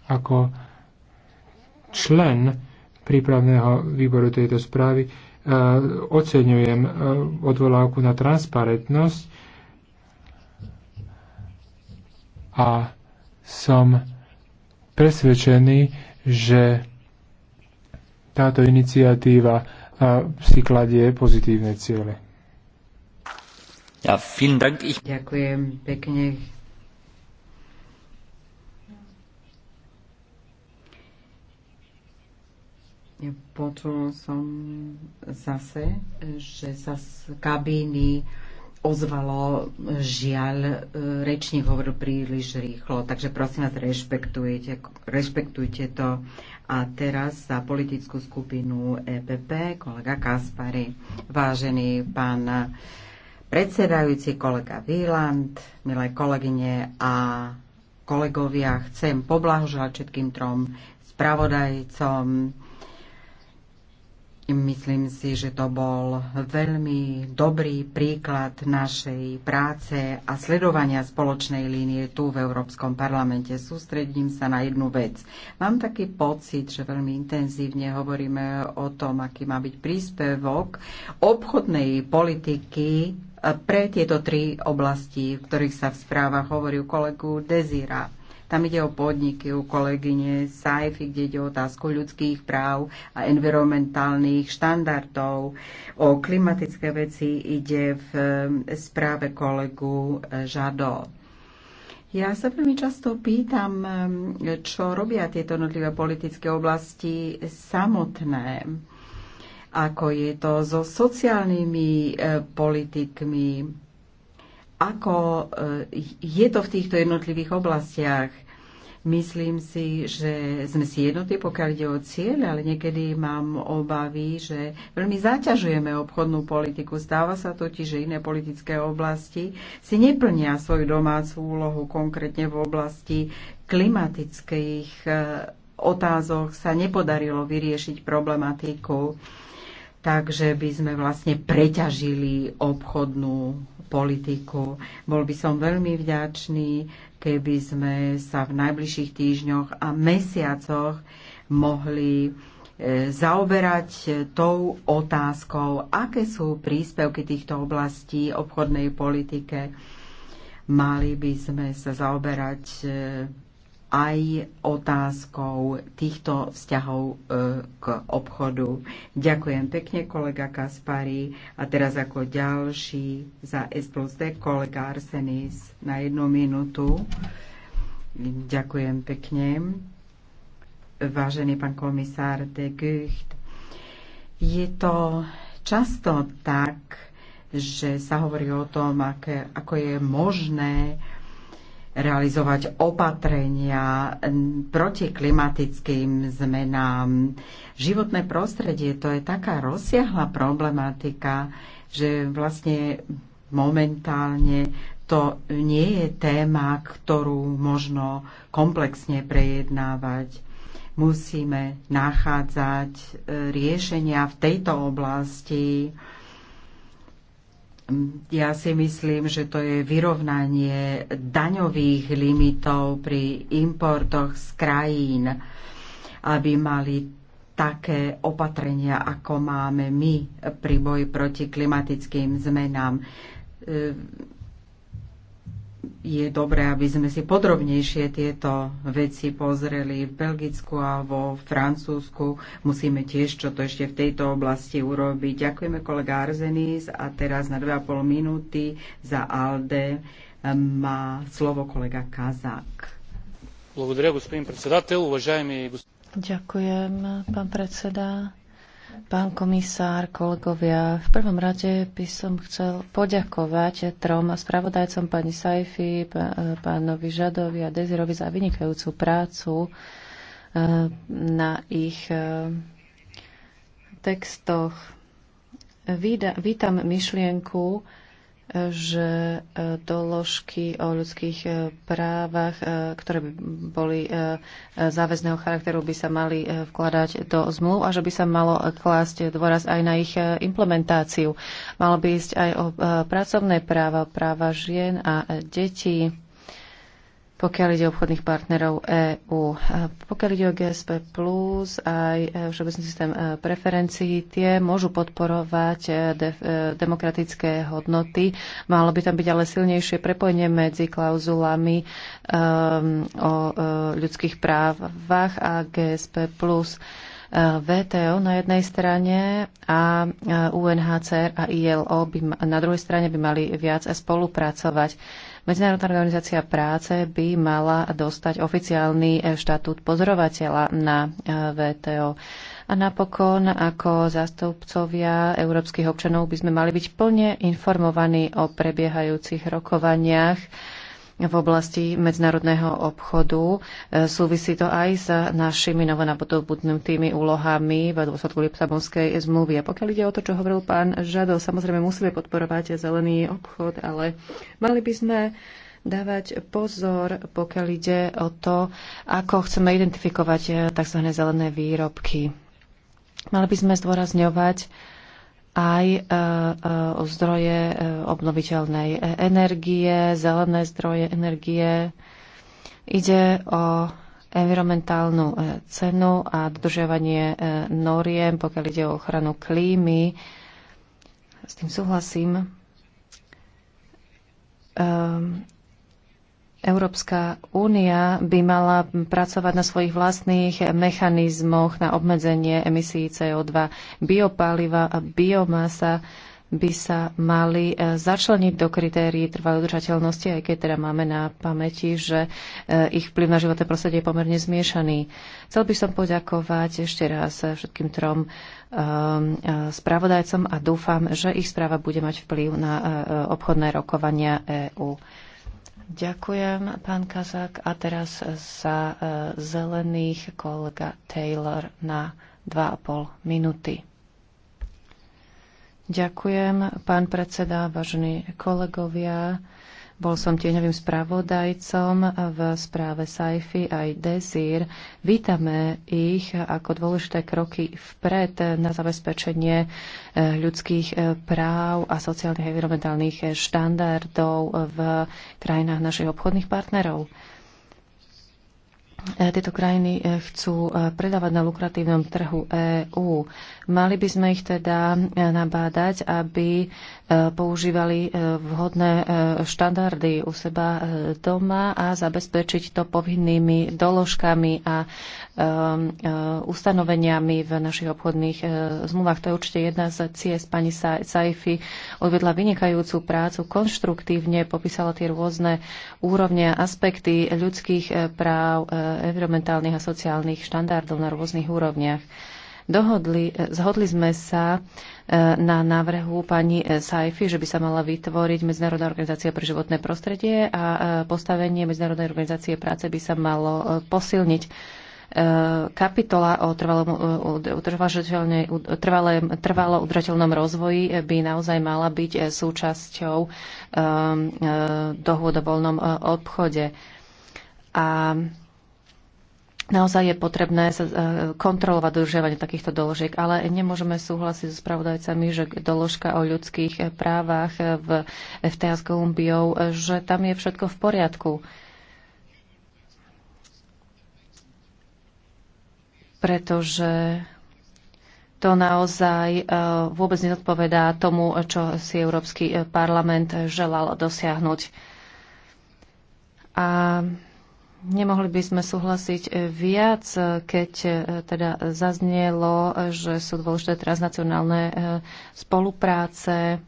ako člen prípravného výboru tejto správy e, oceňujem e, odvolávku na transparentnosť a som presvedčený, že táto iniciatíva e, si kladie pozitívne ciele. Ja, vielen Dank. Ich... Ďakujem pekne. Počul som zase, že sa z kabíny ozvalo, žiaľ, e, rečník hovoril príliš rýchlo, takže prosím vás, rešpektujte, rešpektujte to. A teraz za politickú skupinu EPP, kolega Kaspari, vážený pán predsedajúci kolega Výland, milé kolegyne a kolegovia, chcem poblahoželať všetkým trom spravodajcom, Myslím si, že to bol veľmi dobrý príklad našej práce a sledovania spoločnej línie tu v Európskom parlamente. Sústredím sa na jednu vec. Mám taký pocit, že veľmi intenzívne hovoríme o tom, aký má byť príspevok obchodnej politiky eh, pre tieto tri oblasti, v ktorých sa v správach hovorí kolegu Dezira. Tam ide o podniky u kolegyne Saify, kde ide o otázku ľudských práv a environmentálnych štandardov. O klimatické veci ide v eh, správe kolegu eh, Žado. Ja sa veľmi často pýtam, eh, čo robia tieto jednotlivé politické oblasti samotné ako je to so sociálnymi politikmi, ako e, je to v týchto jednotlivých oblastiach. Myslím si, že sme si jednotní, pokiaľ ide o cieľ, ale niekedy mám obavy, že veľmi zaťažujeme obchodnú politiku. Stáva sa totiž, že iné politické oblasti si neplnia svoju domácu úlohu, konkrétne v oblasti klimatických e, otázok sa nepodarilo vyriešiť problematiku, takže by sme vlastne preťažili obchodnú politiku. Bol by som veľmi vďačný, keby sme sa v najbližších týždňoch a mesiacoch mohli e, zaoberať tou otázkou, aké sú príspevky týchto oblastí obchodnej politike. Mali by sme sa zaoberať e, aj otázkou týchto vzťahov e, k obchodu. Ďakujem pekne, kolega Kaspari. A teraz ako ďalší za S plus D, kolega Arsenis na jednu minútu. Ďakujem pekne. Vážený pán komisár de Gucht, je to často tak, že sa hovorí o tom, aké, ako je možné realizovať opatrenia proti klimatickým zmenám. Životné prostredie to je taká rozsiahla problematika, že vlastne momentálne to nie je téma, ktorú možno komplexne prejednávať. Musíme nachádzať eh, riešenia v tejto oblasti, ja si myslím, že to je vyrovnanie daňových limitov pri importoch z krajín, aby mali také opatrenia, ako máme my pri boji proti klimatickým zmenám je dobré, aby sme si podrobnejšie tieto veci pozreli v Belgicku a vo Francúzsku. Musíme tiež čo to ešte v tejto oblasti urobiť. Ďakujeme kolega Arzenis a teraz na 2,5 minúty za ALDE eh, má slovo kolega Kazák. Ďakujem, pán predseda. Pán komisár, kolegovia, v prvom rade by som chcel poďakovať trom spravodajcom pani Saifi, pánovi Žadovi a Dezirovi za vynikajúcu prácu e, na ich e, textoch. Vítam myšlienku, že e, doložky o ľudských e, právach, e, ktoré by boli záväzného charakteru, by sa mali vkladať do zmluv a že by sa malo klásť dôraz aj na ich implementáciu. Malo by ísť aj o pracovné práva, práva žien a detí pokiaľ ide o obchodných partnerov EÚ. Pokiaľ ide o GSP+, plus, aj e, všeobecný systém e, preferencií, tie môžu podporovať e, de- demokratické hodnoty. Malo by tam byť ale silnejšie prepojenie medzi klauzulami um, o ľudských právach a GSP+. Plus. VTO na jednej strane a UNHCR a ILO by, na druhej strane by mali viac spolupracovať. Medzinárodná organizácia práce by mala dostať oficiálny e, štatút pozorovateľa na e, VTO. A napokon, ako zástupcovia európskych občanov, by sme mali byť plne informovaní o prebiehajúcich rokovaniach v oblasti medzinárodného obchodu. E, súvisí to aj s našimi novonapodobudnutými úlohami v dôsledku Lipsabonskej zmluvy. A pokiaľ ide o to, čo hovoril pán Žado, samozrejme musíme podporovať zelený obchod, ale mali by sme dávať pozor, pokiaľ ide o to, ako chceme identifikovať e, tzv. zelené výrobky. Mali by sme zdôrazňovať, aj o e, e, zdroje e, obnoviteľnej energie, zelené zdroje energie. Ide o environmentálnu cenu a dodržiavanie noriem, pokiaľ ide o ochranu klímy. S tým súhlasím. Ehm, Európska únia by mala pracovať na svojich vlastných mechanizmoch na obmedzenie emisí CO2. Biopáliva a biomasa by sa mali e, začleniť do kritérií trvalej udržateľnosti, aj keď teda máme na pamäti, že e, ich vplyv na životné prostredie je pomerne zmiešaný. Chcel by som poďakovať ešte raz všetkým trom e, spravodajcom a dúfam, že ich správa bude mať vplyv na obchodné rokovania EÚ. Ďakujem, pán Kazák. A teraz za e, zelených kolega Taylor na 2,5 minúty. Ďakujem, pán predseda, vážení kolegovia. Bol som tieňovým spravodajcom v správe SAIFI aj DESIR. Vítame ich ako dôležité kroky vpred na zabezpečenie eh, ľudských eh, práv a sociálnych a environmentálnych eh, štandardov v krajinách našich obchodných partnerov. E, tieto krajiny e, chcú e, predávať na lukratívnom trhu EÚ. Mali by sme ich teda nabádať, aby používali vhodné štandardy u seba doma a zabezpečiť to povinnými doložkami a Um, uh, ustanoveniami v našich obchodných uh, zmluvách. To je určite jedna z ciest. Pani Saifi odvedla vynikajúcu prácu, konštruktívne popísala tie rôzne úrovne a aspekty ľudských eh, práv, eh, environmentálnych a sociálnych štandardov na rôznych úrovniach. Dohodli, eh, zhodli sme sa na návrhu pani Saifi, že by sa mala vytvoriť Medzinárodná organizácia pre životné prostredie a postavenie Medzinárodnej organizácie práce by sa malo posilniť kapitola o trvalom, trvalo udržateľnom rozvoji by naozaj mala byť e, súčasťou e, e, dohôd o voľnom obchode. A Naozaj je potrebné sa kontrolovať dodržiavanie takýchto doložiek, ale nemôžeme súhlasiť so spravodajcami, že doložka o ľudských právach v FTA s Kolumbiou, že tam je všetko v poriadku. pretože to naozaj e, vôbec nezodpovedá tomu, čo si Európsky e, parlament želal dosiahnuť. A nemohli by sme súhlasiť e, viac, keď teda zaznelo, že sú dôležité transnacionálne spolupráce,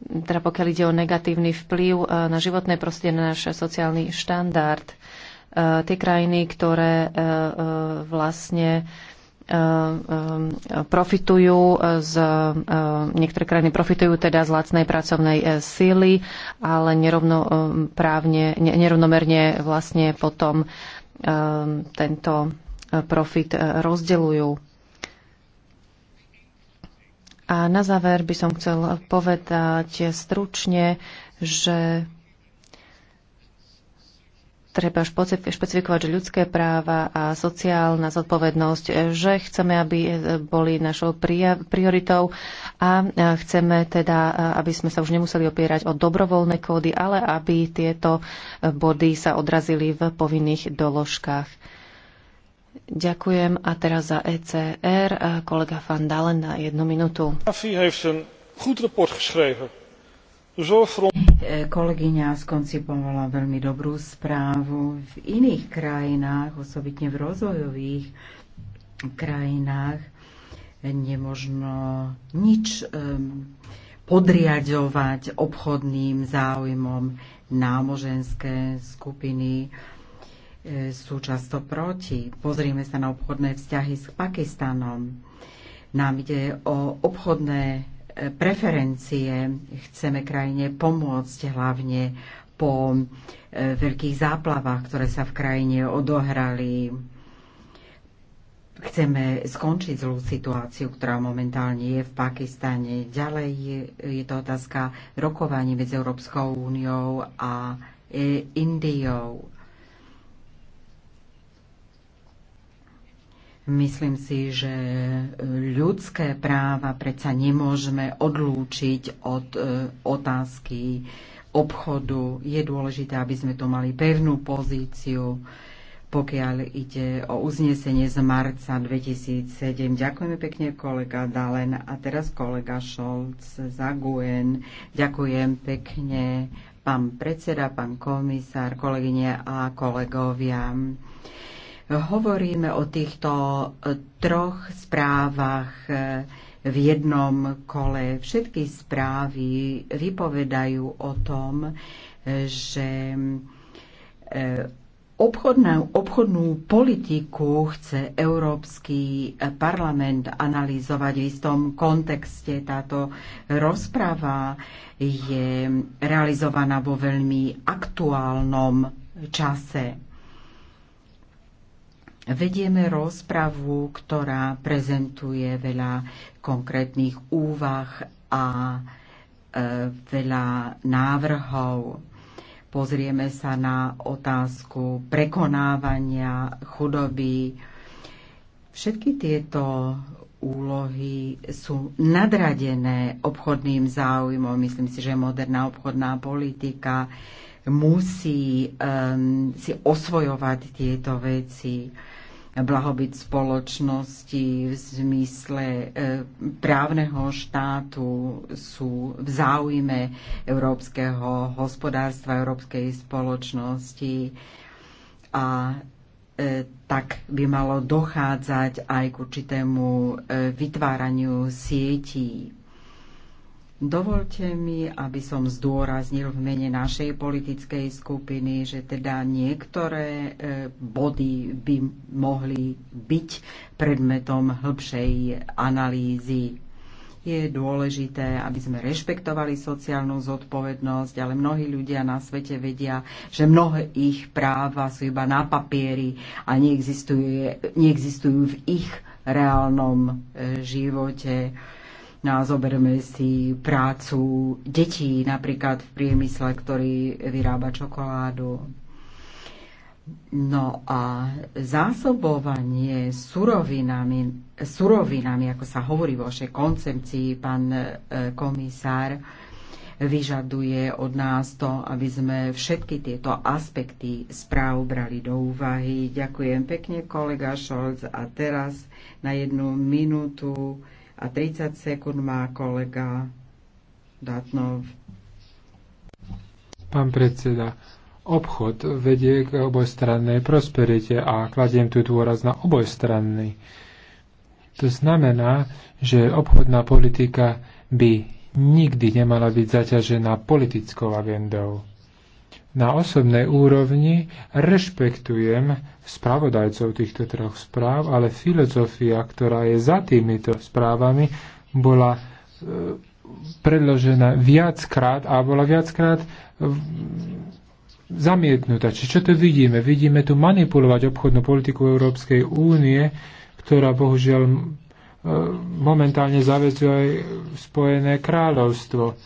teda pokiaľ ide o negatívny vplyv na životné prostredie, na náš sociálny štandard. Eh, tie krajiny, ktoré eh, eh, vlastne profitujú z, niektoré krajiny profitujú teda z lacnej pracovnej síly, ale nerovnoprávne, nerovnomerne vlastne potom tento profit rozdeľujú. A na záver by som chcel povedať stručne, že treba špecifikovať, že ľudské práva a sociálna zodpovednosť, že chceme, aby e, boli našou prioritou a e, chceme teda, e, aby sme sa už nemuseli opierať o dobrovoľné kódy, ale aby tieto body sa odrazili v povinných doložkách. Ďakujem a teraz za ECR kolega Van Dalen na jednu minútu. heeft een goed rapport geschreven. Kolegyňa skoncipovala veľmi dobrú správu. V iných krajinách, osobitne v rozvojových krajinách, nemožno nič podriadovať obchodným záujmom námoženské skupiny e, sú často proti. Pozrieme sa na obchodné vzťahy s Pakistanom. Nám ide o obchodné preferencie. Chceme krajine pomôcť hlavne po e, veľkých záplavách, ktoré sa v krajine odohrali. Chceme skončiť zlú situáciu, ktorá momentálne je v Pakistane. Ďalej je, je to otázka rokovaní medzi Európskou úniou a e, Indiou Myslím si, že ľudské práva predsa nemôžeme odlúčiť od e, otázky obchodu. Je dôležité, aby sme to mali pevnú pozíciu, pokiaľ ide o uznesenie z marca 2007. Ďakujeme pekne kolega Dalen a teraz kolega Šolc za Guen. Ďakujem pekne pán predseda, pán komisár, kolegyne a kolegovia. Hovoríme o týchto e, troch správach e, v jednom kole. Všetky správy vypovedajú o tom, e, že obchodnú, obchodnú politiku chce Európsky parlament analyzovať v istom kontexte. Táto rozprava je realizovaná vo veľmi aktuálnom čase. Vedieme rozpravu, ktorá prezentuje veľa konkrétnych úvah a e, veľa návrhov. Pozrieme sa na otázku prekonávania chudoby. Všetky tieto úlohy sú nadradené obchodným záujmom. Myslím si, že moderná obchodná politika musí um, si osvojovať tieto veci blahobyt spoločnosti v zmysle e, právneho štátu sú v záujme európskeho hospodárstva, európskej spoločnosti a e, tak by malo dochádzať aj k určitému e, vytváraniu sietí Dovolte mi, aby som zdôraznil v mene našej politickej skupiny, že teda niektoré e, body by mohli byť predmetom hĺbšej analýzy. Je dôležité, aby sme rešpektovali sociálnu zodpovednosť, ale mnohí ľudia na svete vedia, že mnohé ich práva sú iba na papieri a neexistujú v ich reálnom e, živote No a zoberme si prácu detí napríklad v priemysle, ktorý vyrába čokoládu. No a zásobovanie surovinami, surovinami, ako sa hovorí vo vašej koncepcii, pán e, komisár, vyžaduje od nás to, aby sme všetky tieto aspekty správ brali do úvahy. Ďakujem pekne, kolega Šolc. A teraz na jednu minútu a 30 sekúnd má kolega Datnov. Pán predseda, obchod vedie k obojstrannej prosperite a kladiem tu dôraz na obojstranný. To znamená, že obchodná politika by nikdy nemala byť zaťažená politickou agendou na osobnej úrovni rešpektujem spravodajcov týchto troch správ, ale filozofia, ktorá je za týmito správami, bola e, predložená viackrát a bola viackrát zamietnutá. Čiže čo tu vidíme? Vidíme tu manipulovať obchodnú politiku Európskej únie, ktorá bohužiaľ e, momentálne zavezuje aj Spojené kráľovstvo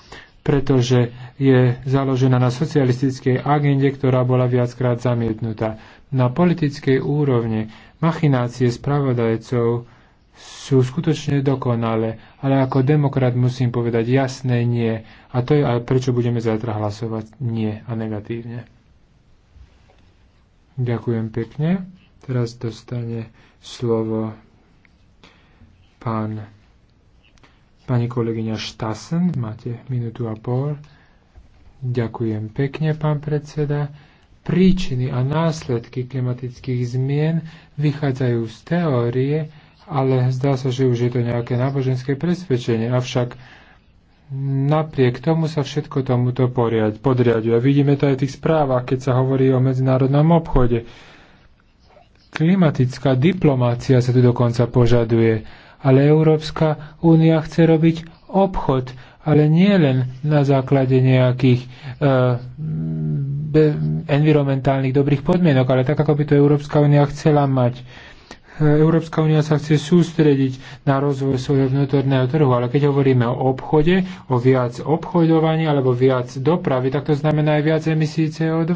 pretože je založená na socialistickej agende, ktorá bola viackrát zamietnutá. Na politickej úrovni machinácie spravodajcov sú skutočne dokonalé, ale ako demokrat musím povedať jasné nie. A to je aj prečo budeme zajtra hlasovať nie a negatívne. Ďakujem pekne. Teraz dostane slovo pán Pani kolegyňa Štasen, máte minútu a pol. Ďakujem pekne, pán predseda. Príčiny a následky klimatických zmien vychádzajú z teórie, ale zdá sa, že už je to nejaké náboženské presvedčenie. Avšak napriek tomu sa všetko tomuto poriad, podriaduje. Vidíme to aj v tých správach, keď sa hovorí o medzinárodnom obchode. Klimatická diplomácia sa tu dokonca požaduje ale Európska únia chce robiť obchod, ale nie len na základe nejakých uh, environmentálnych dobrých podmienok, ale tak, ako by to Európska únia chcela mať. E, Európska únia sa chce sústrediť na rozvoj svojho vnútorného trhu, ale keď hovoríme o obchode, o viac obchodovania alebo viac dopravy, tak to znamená aj viac emisí CO2.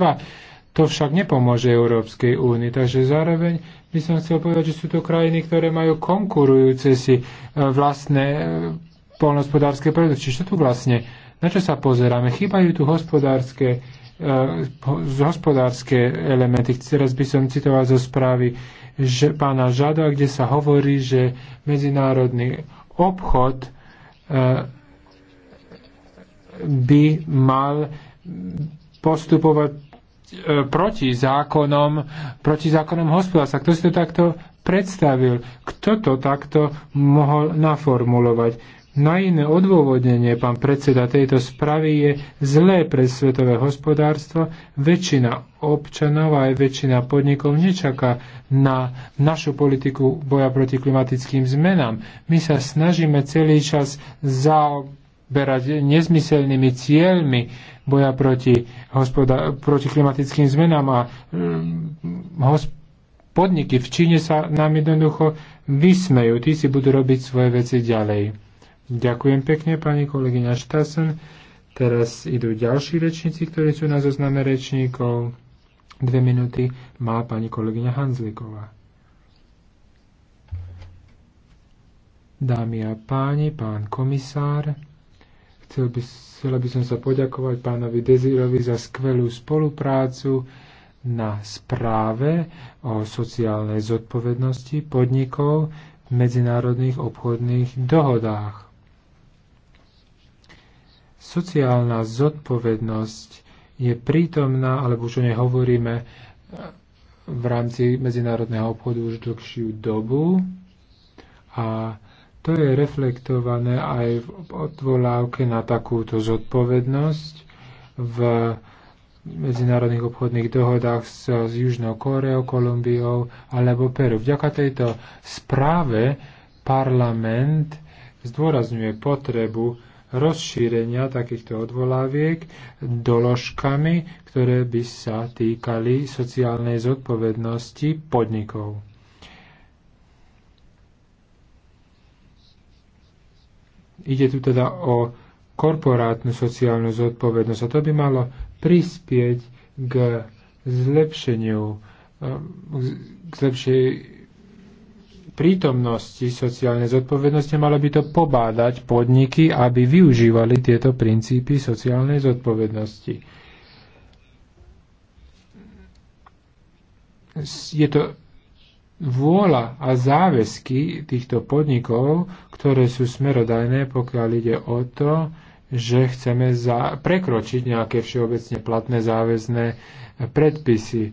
To však nepomôže Európskej únii. Takže zároveň by som chcel povedať, že sú to krajiny, ktoré majú konkurujúce si e, vlastné e, polnospodárske produkty. Čiže tu vlastne, na čo sa pozeráme? Chýbajú tu hospodárske e, hospodárske elementy. Teraz by som citoval zo správy že pána Žada, kde sa hovorí, že medzinárodný obchod by mal postupovať E, proti zákonom, proti zákonom hospodárstva. Kto si to takto predstavil? Kto to takto mohol naformulovať? Na iné odôvodnenie, pán predseda, tejto spravy je zlé pre svetové hospodárstvo. Väčšina občanov a aj väčšina podnikov nečaká na našu politiku boja proti klimatickým zmenám. My sa snažíme celý čas zaoberať nezmyselnými cieľmi, boja proti, hospoda- proti klimatickým zmenám a mm, hosp- podniky v Číne sa nám jednoducho vysmejú. Tí si budú robiť svoje veci ďalej. Ďakujem pekne, pani kolegyňa Štasen. Teraz idú ďalší rečníci, ktorí sú na zozname rečníkov. Dve minúty má pani kolegyňa Hanzliková. Dámy a páni, pán komisár, Chcel by, chcela by som sa poďakovať pánovi Dezirovi za skvelú spoluprácu na správe o sociálnej zodpovednosti podnikov v medzinárodných obchodných dohodách. Sociálna zodpovednosť je prítomná, alebo už o nej hovoríme v rámci medzinárodného obchodu už dlhšiu dobu a to je reflektované aj v odvolávke na takúto zodpovednosť v medzinárodných obchodných dohodách s, s Južnou Koreou, Kolumbiou alebo Peru. Vďaka tejto správe parlament zdôrazňuje potrebu rozšírenia takýchto odvoláviek doložkami, ktoré by sa týkali sociálnej zodpovednosti podnikov. Ide tu teda o korporátnu sociálnu zodpovednosť a to by malo prispieť k zlepšeniu, eh, k zlepšej prítomnosti sociálnej zodpovednosti, malo by to pobádať podniky, aby využívali tieto princípy sociálnej zodpovednosti. Je to vôľa a záväzky týchto podnikov, ktoré sú smerodajné, pokiaľ ide o to, že chceme za- prekročiť nejaké všeobecne platné záväzné predpisy. E,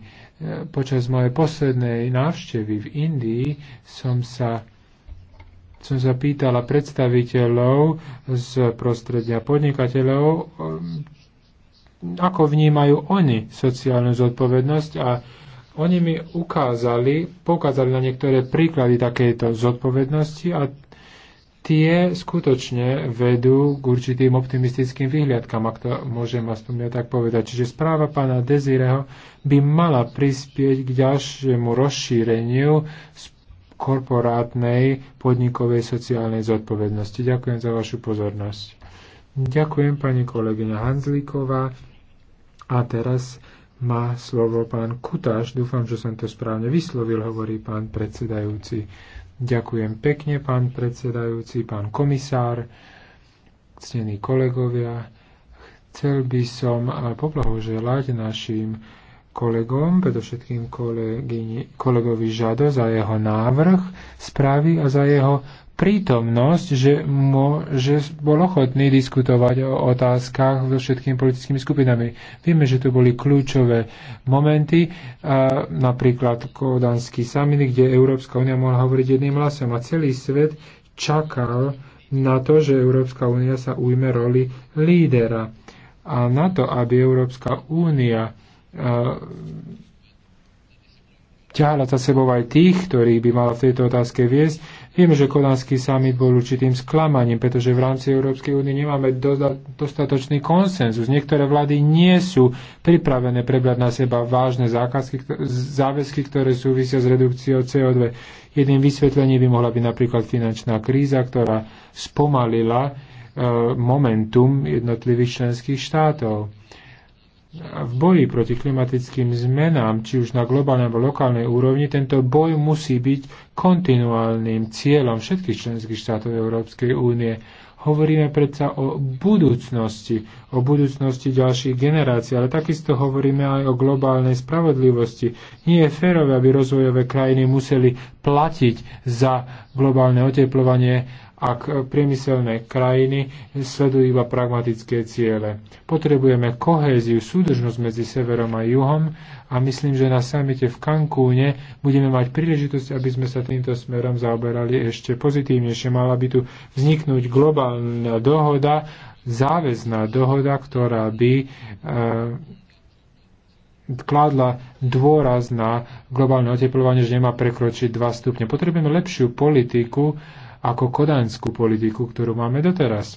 počas mojej poslednej návštevy v Indii som sa som sa pýtala predstaviteľov z prostredia podnikateľov, e, ako vnímajú oni sociálnu zodpovednosť a oni mi ukázali, pokázali na niektoré príklady takejto zodpovednosti a tie skutočne vedú k určitým optimistickým vyhliadkam, ak to môžem aspoň ja tak povedať. Čiže správa pána Dezireho by mala prispieť k ďalšiemu rozšíreniu korporátnej podnikovej sociálnej zodpovednosti. Ďakujem za vašu pozornosť. Ďakujem pani kolegyňa Hanzlíková. A teraz má slovo pán Kutáš. Dúfam, že som to správne vyslovil, hovorí pán predsedajúci. Ďakujem pekne, pán predsedajúci, pán komisár, ctení kolegovia. Chcel by som poblahoželať našim kolegom, predovšetkým kolegyni, kolegovi Žado za jeho návrh správy a za jeho prítomnosť, že, mo, že bol ochotný diskutovať o otázkach so všetkými politickými skupinami. Vieme, že to boli kľúčové momenty, a napríklad Kodanský summit, kde Európska únia mohla hovoriť jedným hlasom a celý svet čakal na to, že Európska únia sa ujme roli lídera. A na to, aby Európska únia ťahala za sebou aj tých, ktorí by mala v tejto otázke viesť, Vieme, že Kodanský summit bol určitým sklamaním, pretože v rámci Európskej únie nemáme dostatočný konsenzus. Niektoré vlády nie sú pripravené prebrať na seba vážne zákazky, záväzky, ktoré súvisia s redukciou CO2. Jedným vysvetlením by mohla byť napríklad finančná kríza, ktorá spomalila e, momentum jednotlivých členských štátov v boji proti klimatickým zmenám, či už na globálnej alebo lokálnej úrovni, tento boj musí byť kontinuálnym cieľom všetkých členských štátov Európskej únie. Hovoríme predsa o budúcnosti, o budúcnosti ďalších generácií, ale takisto hovoríme aj o globálnej spravodlivosti. Nie je férové, aby rozvojové krajiny museli platiť za globálne oteplovanie, ak priemyselné krajiny sledujú iba pragmatické ciele. Potrebujeme kohéziu, súdržnosť medzi severom a juhom a myslím, že na samite v Kankúne budeme mať príležitosť, aby sme sa týmto smerom zaoberali ešte pozitívnejšie. Mala by tu vzniknúť globálna globálna dohoda, záväzná dohoda, ktorá by e, kladla dôraz na globálne oteplovanie, že nemá prekročiť 2 stupne. Potrebujeme lepšiu politiku ako kodaňskú politiku, ktorú máme doteraz. E,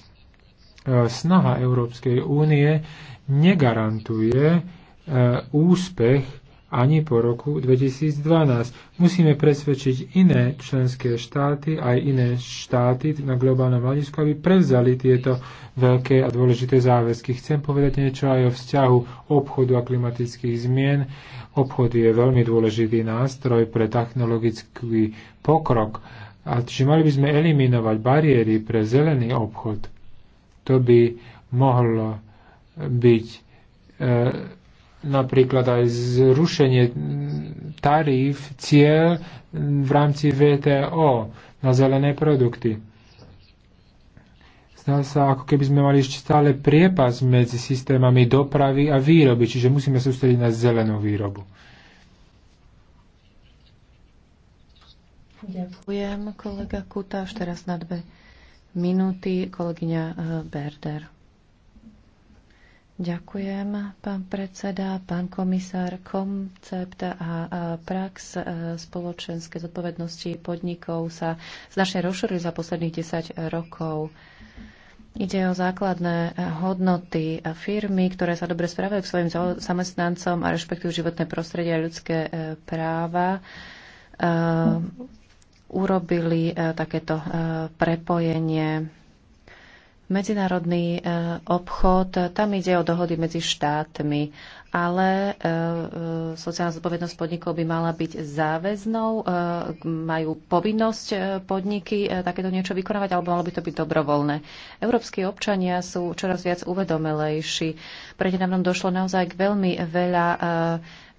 snaha Európskej únie negarantuje e, úspech ani po roku 2012. Musíme presvedčiť iné členské štáty, aj iné štáty na globálnom hľadisku, aby prevzali tieto veľké a dôležité záväzky. Chcem povedať niečo aj o vzťahu obchodu a klimatických zmien. Obchod je veľmi dôležitý nástroj pre technologický pokrok. A či mali by sme eliminovať bariéry pre zelený obchod, to by mohlo byť e, napríklad aj zrušenie tarif, cieľ v rámci VTO na zelené produkty. Zdá sa, ako keby sme mali ešte stále priepas medzi systémami dopravy a výroby, čiže musíme sústrediť na zelenú výrobu. Ďakujem, kolega Kutáš. Teraz na dve minúty kolegyňa eh, Berder. Ďakujem, pán predseda, pán komisár. Koncept a prax e, spoločenskej zodpovednosti podnikov sa značne rozšírili za posledných 10 rokov. Ide o základné hodnoty a firmy, ktoré sa dobre správajú k svojim zamestnancom a rešpektujú životné prostredie a ľudské e, práva. E, urobili takéto prepojenie Medzinárodný e, obchod, tam ide o dohody medzi štátmi, ale e, e, sociálna zodpovednosť podnikov by mala byť záväznou. Majú povinnosť podniky takéto niečo vykonávať, alebo malo by to byť dobrovoľné. Európsky občania sú čoraz viac uvedomelejší. Prednedávnom došlo naozaj k veľmi veľa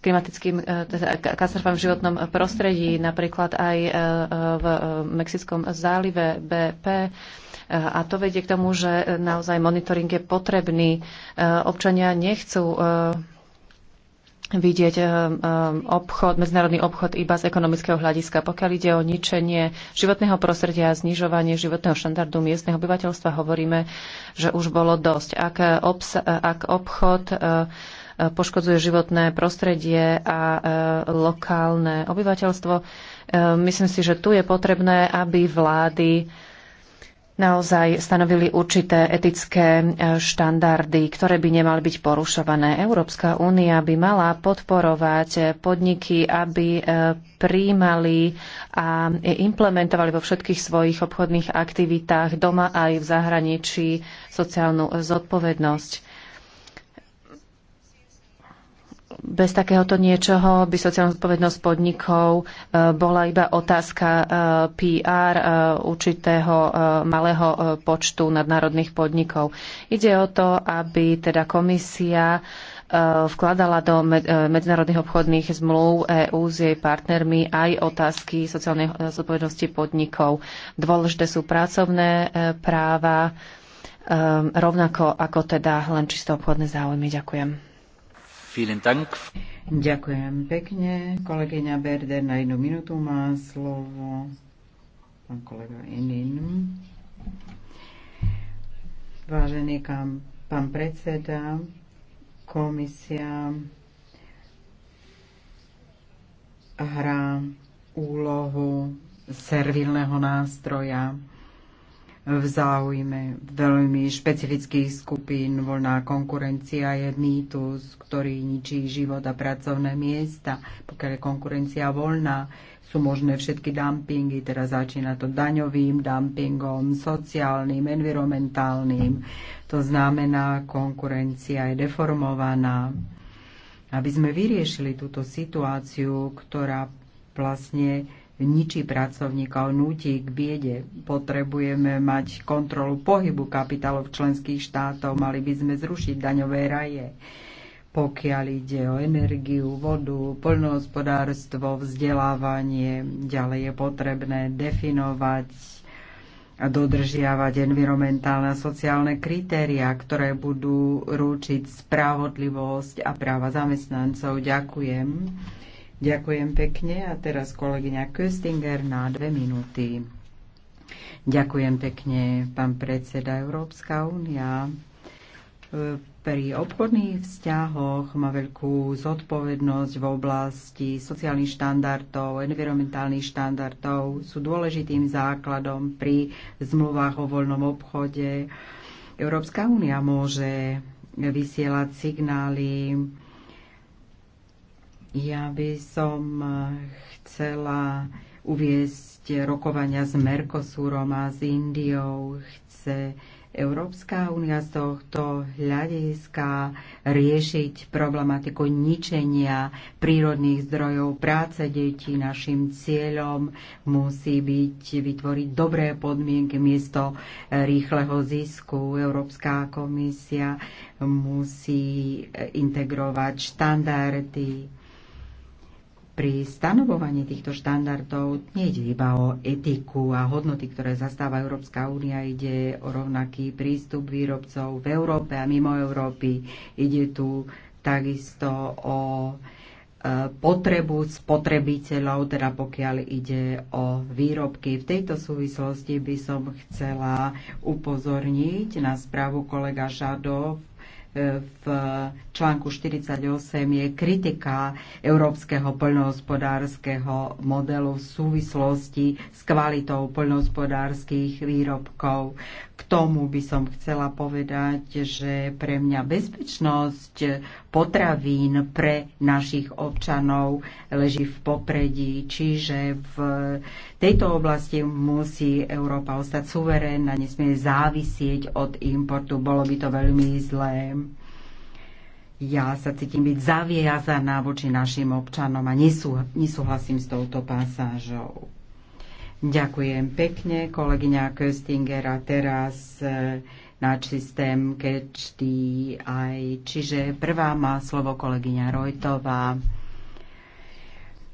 klimatickým e, teda katastrofám v životnom prostredí, napríklad aj e, e, v Mexickom zálive BP. A to vedie k tomu, že naozaj monitoring je potrebný. Občania nechcú vidieť obchod, medzinárodný obchod iba z ekonomického hľadiska. Pokiaľ ide o ničenie životného prostredia a znižovanie životného štandardu miestneho obyvateľstva, hovoríme, že už bolo dosť. Ak, obs- ak obchod poškodzuje životné prostredie a e, lokálne obyvateľstvo. E, myslím si, že tu je potrebné, aby vlády naozaj stanovili určité etické e, štandardy, ktoré by nemali byť porušované. Európska únia by mala podporovať podniky, aby príjmali a implementovali vo všetkých svojich obchodných aktivitách doma aj v zahraničí sociálnu zodpovednosť. bez takéhoto niečoho by sociálna zodpovednosť podnikov e, bola iba otázka e, PR e, určitého malého počtu nadnárodných podnikov. Ide o to, aby teda komisia vkladala do medzinárodných obchodných zmluv EÚ s jej partnermi aj otázky sociálnej zodpovednosti podnikov. Dôležité sú pracovné práva, rovnako ako teda len čisto obchodné záujmy. Ďakujem. Ďakujem pekne. Kolegyňa Berder na jednu minútu má slovo. Pán kolega Inin. Vážený kam, pán predseda, komisia hrá úlohu servilného nástroja v záujme veľmi špecifických skupín. Voľná konkurencia je mýtus, ktorý ničí život a pracovné miesta. Pokiaľ je konkurencia voľná, sú možné všetky dumpingy, teraz začína to daňovým dumpingom, sociálnym, environmentálnym. To znamená, konkurencia je deformovaná. Aby sme vyriešili túto situáciu, ktorá vlastne ničí pracovníkov, nutí k biede. Potrebujeme mať kontrolu pohybu kapitálov členských štátov, mali by sme zrušiť daňové raje. Pokiaľ ide o energiu, vodu, poľnohospodárstvo, vzdelávanie, ďalej je potrebné definovať a dodržiavať environmentálne a sociálne kritériá, ktoré budú rúčiť spravodlivosť a práva zamestnancov. Ďakujem. Ďakujem pekne a teraz kolegyňa Köstinger na dve minúty. Ďakujem pekne, pán predseda Európska únia. E, pri obchodných vzťahoch má veľkú zodpovednosť v oblasti sociálnych štandardov, environmentálnych štandardov, sú dôležitým základom pri zmluvách o voľnom obchode. Európska únia môže vysielať signály ja by som eh, chcela uviesť rokovania s Mercosurom a s Indiou. Chce Európska únia z tohto hľadiska riešiť problematiku ničenia prírodných zdrojov práce detí. Našim cieľom musí byť vytvoriť dobré podmienky miesto eh, rýchleho zisku. Európska komisia musí eh, integrovať štandardy pri stanovovaní týchto štandardov ide iba o etiku a hodnoty, ktoré zastáva Európska únia. Ide o rovnaký prístup výrobcov v Európe a mimo Európy. Ide tu takisto o e, potrebu spotrebiteľov, teda pokiaľ ide o výrobky. V tejto súvislosti by som chcela upozorniť na správu kolega Žado v článku 48 je kritika európskeho poľnohospodárskeho modelu v súvislosti s kvalitou poľnohospodárskych výrobkov. K tomu by som chcela povedať, že pre mňa bezpečnosť potravín pre našich občanov leží v popredí, čiže v tejto oblasti musí Európa ostať suverénna, nesmie závisieť od importu. Bolo by to veľmi zlé. Ja sa cítim byť zaviazaná voči našim občanom a nesú, nesúhlasím s touto pasážou. Ďakujem pekne, kolegyňa Köstinger. A teraz e, náš systém catch aj. Čiže prvá má slovo kolegyňa Rojtová.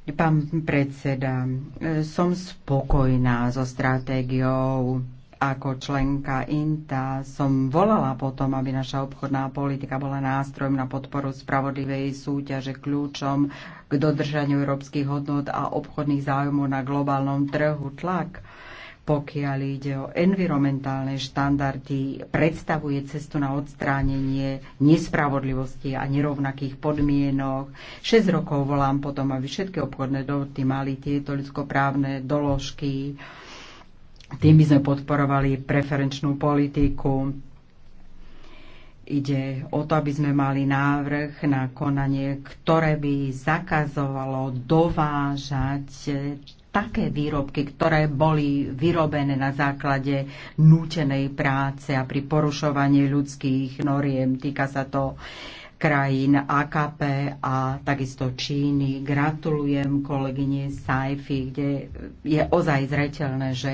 Pán predseda, e, som spokojná so stratégiou ako členka INTA som volala potom, aby naša obchodná politika bola nástrojom na podporu spravodlivej súťaže kľúčom k dodržaniu európskych hodnot a obchodných záujmov na globálnom trhu tlak pokiaľ ide o environmentálne štandardy, predstavuje cestu na odstránenie nespravodlivosti a nerovnakých podmienok. 6 rokov volám potom, aby všetky obchodné doty mali tieto ľudskoprávne doložky. Tým by sme podporovali preferenčnú politiku. Ide o to, aby sme mali návrh na konanie, ktoré by zakazovalo dovážať také výrobky, ktoré boli vyrobené na základe nútenej práce a pri porušovaní ľudských noriem. Týka sa to krajín AKP a takisto Číny. Gratulujem kolegyne Saifi, kde je ozaj zreteľné, že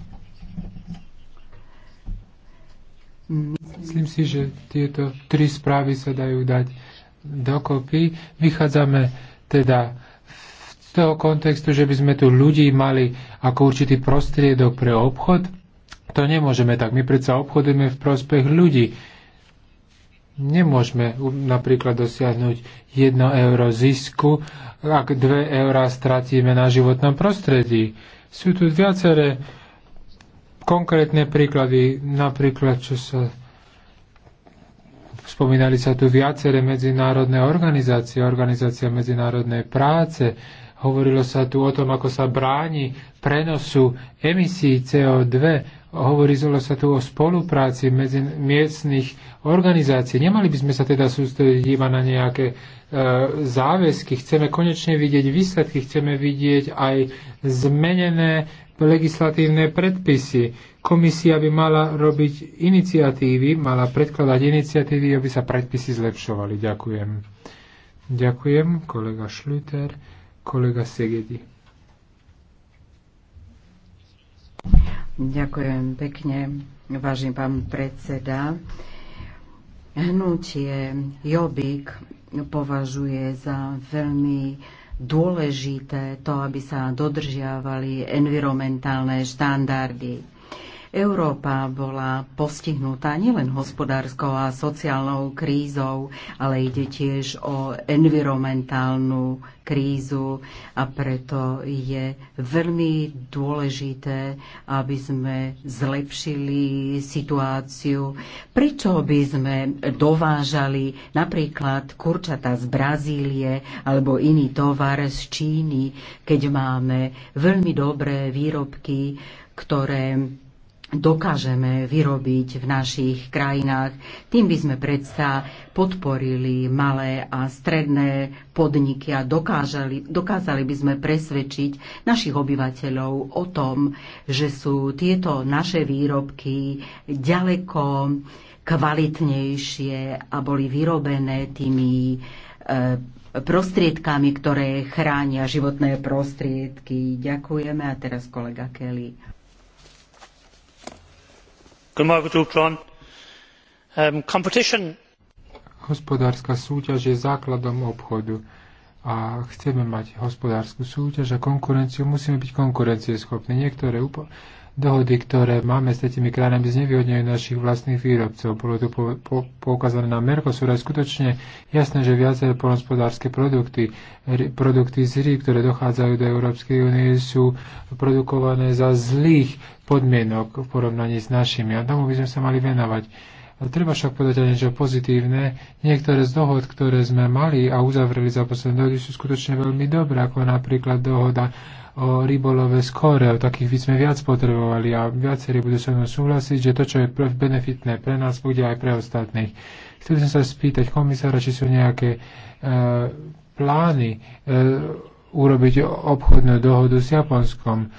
Myslím si, že tieto tri správy sa dajú dať dokopy. Vychádzame teda z toho kontextu, že by sme tu ľudí mali ako určitý prostriedok pre obchod. To nemôžeme tak. My predsa obchodujeme v prospech ľudí. Nemôžeme napríklad dosiahnuť 1 euro zisku, ak 2 eurá stratíme na životnom prostredí. Sú tu viaceré konkrétne príklady, napríklad, čo sa spomínali sa tu viaceré medzinárodné organizácie, organizácia medzinárodnej práce, hovorilo sa tu o tom, ako sa bráni prenosu emisí CO2 Hovorilo sa tu o spolupráci medzi miestnych organizácií. Nemali by sme sa teda sústrediť iba na nejaké e, záväzky. Chceme konečne vidieť výsledky, chceme vidieť aj zmenené legislatívne predpisy. Komisia by mala robiť iniciatívy, mala predkladať iniciatívy, aby sa predpisy zlepšovali. Ďakujem. Ďakujem, kolega Šluter, kolega Segedi. Ďakujem pekne, vážený pán predseda. Hnutie Jobik považuje za veľmi dôležité to, aby sa dodržiavali environmentálne štandardy. Európa bola postihnutá nielen hospodárskou a sociálnou krízou, ale ide tiež o environmentálnu krízu a preto je veľmi dôležité, aby sme zlepšili situáciu. Prečo by sme dovážali napríklad kurčata z Brazílie alebo iný tovar z Číny, keď máme veľmi dobré výrobky, ktoré dokážeme vyrobiť v našich krajinách. Tým by sme predsa podporili malé a stredné podniky a dokážali, dokázali by sme presvedčiť našich obyvateľov o tom, že sú tieto naše výrobky ďaleko kvalitnejšie a boli vyrobené tými e, prostriedkami, ktoré chránia životné prostriedky. Ďakujeme a teraz kolega Kelly. Um, Hospodárska súťaž je základom obchodu a chceme mať hospodárskú súťaž a konkurenciu, musíme byť konkurencieschopní. Niektoré dohody, ktoré máme s tretimi krajinami, znevýhodňujú našich vlastných výrobcov. Bolo tu po, po, poukázané na Mercosur a skutočne jasné, že viaceré polnospodárske produkty, produkty z rýb, ktoré dochádzajú do Európskej únie, sú produkované za zlých podmienok v porovnaní s našimi. A tomu by sme sa mali venovať Treba však povedať aj niečo pozitívne. Niektoré z dohod, ktoré sme mali a uzavreli za posledné dohody, sú skutočne veľmi dobré, ako napríklad dohoda o rybolove z Koreu. Takých by sme viac potrebovali a viacerí budú so mnou súhlasiť, že to, čo je benefitné pre nás, bude aj pre ostatných. Chcel som sa spýtať komisára, či sú nejaké e, plány e, urobiť obchodnú dohodu s Japonskom.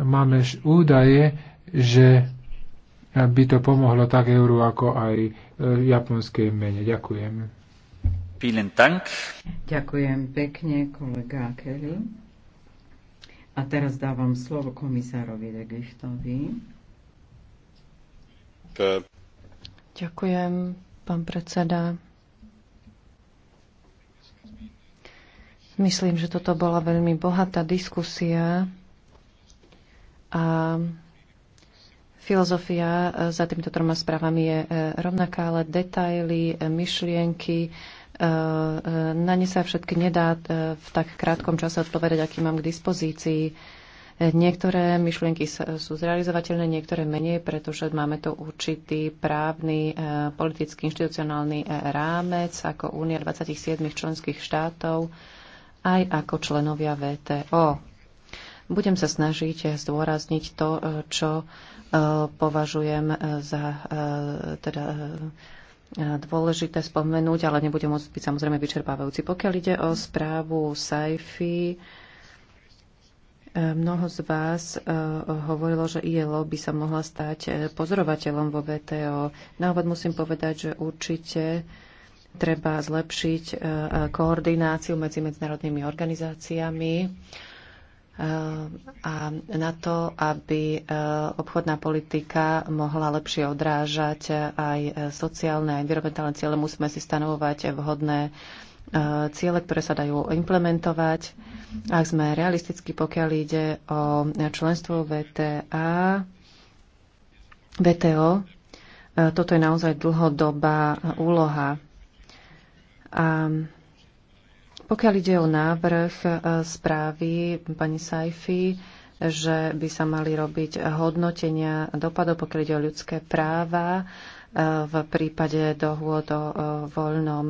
Máme údaje, že by to pomohlo tak euru, ako aj e, japonskej mene. Ďakujem. Ďakujem pekne, kolega Kelly. A teraz dávam slovo komisárovi de Ďakujem, pán predseda. Myslím, že toto bola veľmi bohatá diskusia a Filozofia e, za týmito troma správami je e, rovnaká, ale detaily, e, myšlienky, na ne sa všetky nedá v tak krátkom čase odpovedať, aký mám k dispozícii. Niektoré myšlienky sú zrealizovateľné, niektoré menej, pretože máme tu určitý právny, politický, inštitucionálny rámec ako Únia 27 členských štátov, aj ako členovia VTO. Budem sa snažiť zdôrazniť to, čo považujem e, za e, teda e, dôležité spomenúť, ale nebude môcť byť samozrejme vyčerpávajúci. Pokiaľ ide o správu SAIFI, mnoho z vás hovorilo, že ILO by sa mohla stať pozorovateľom vo VTO. Na úvod musím povedať, že určite treba zlepšiť koordináciu medzi medzinárodnými organizáciami a na to, aby e, obchodná politika mohla lepšie odrážať e, aj e, sociálne a environmentálne ciele, musíme si stanovovať vhodné ciele, ktoré sa dajú implementovať. Ak sme realisticky, pokiaľ ide o členstvo VTA, VTO, toto je naozaj dlhodobá úloha. A pokiaľ ide o návrh e, správy pani Saifi, že by sa mali robiť hodnotenia dopadov, pokiaľ ide o ľudské práva e, v prípade dohôd o e, voľnom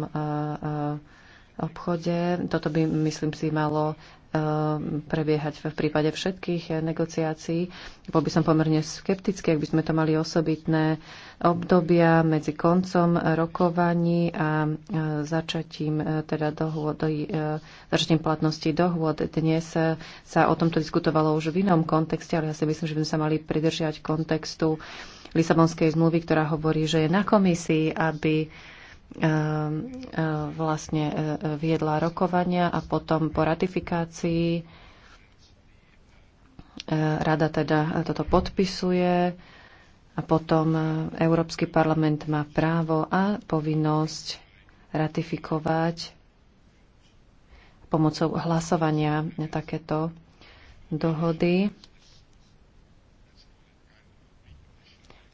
obchode. Toto by, myslím si, malo Ehm, prebiehať v prípade všetkých negociácií. Bol by som pomerne skeptický, ak by sme to mali osobitné obdobia medzi koncom rokovaní a e, začatím, e, teda do, e, začatím platnosti dohôd. Dnes sa o tomto diskutovalo už v inom kontexte, ale ja si myslím, že by sme sa mali pridržiať kontextu Lisabonskej zmluvy, ktorá hovorí, že je na komisii, aby Ehm, ehm, vlastne e, e, viedla rokovania a potom po ratifikácii e, rada teda toto podpisuje a potom Európsky parlament má právo a povinnosť ratifikovať pomocou hlasovania takéto dohody.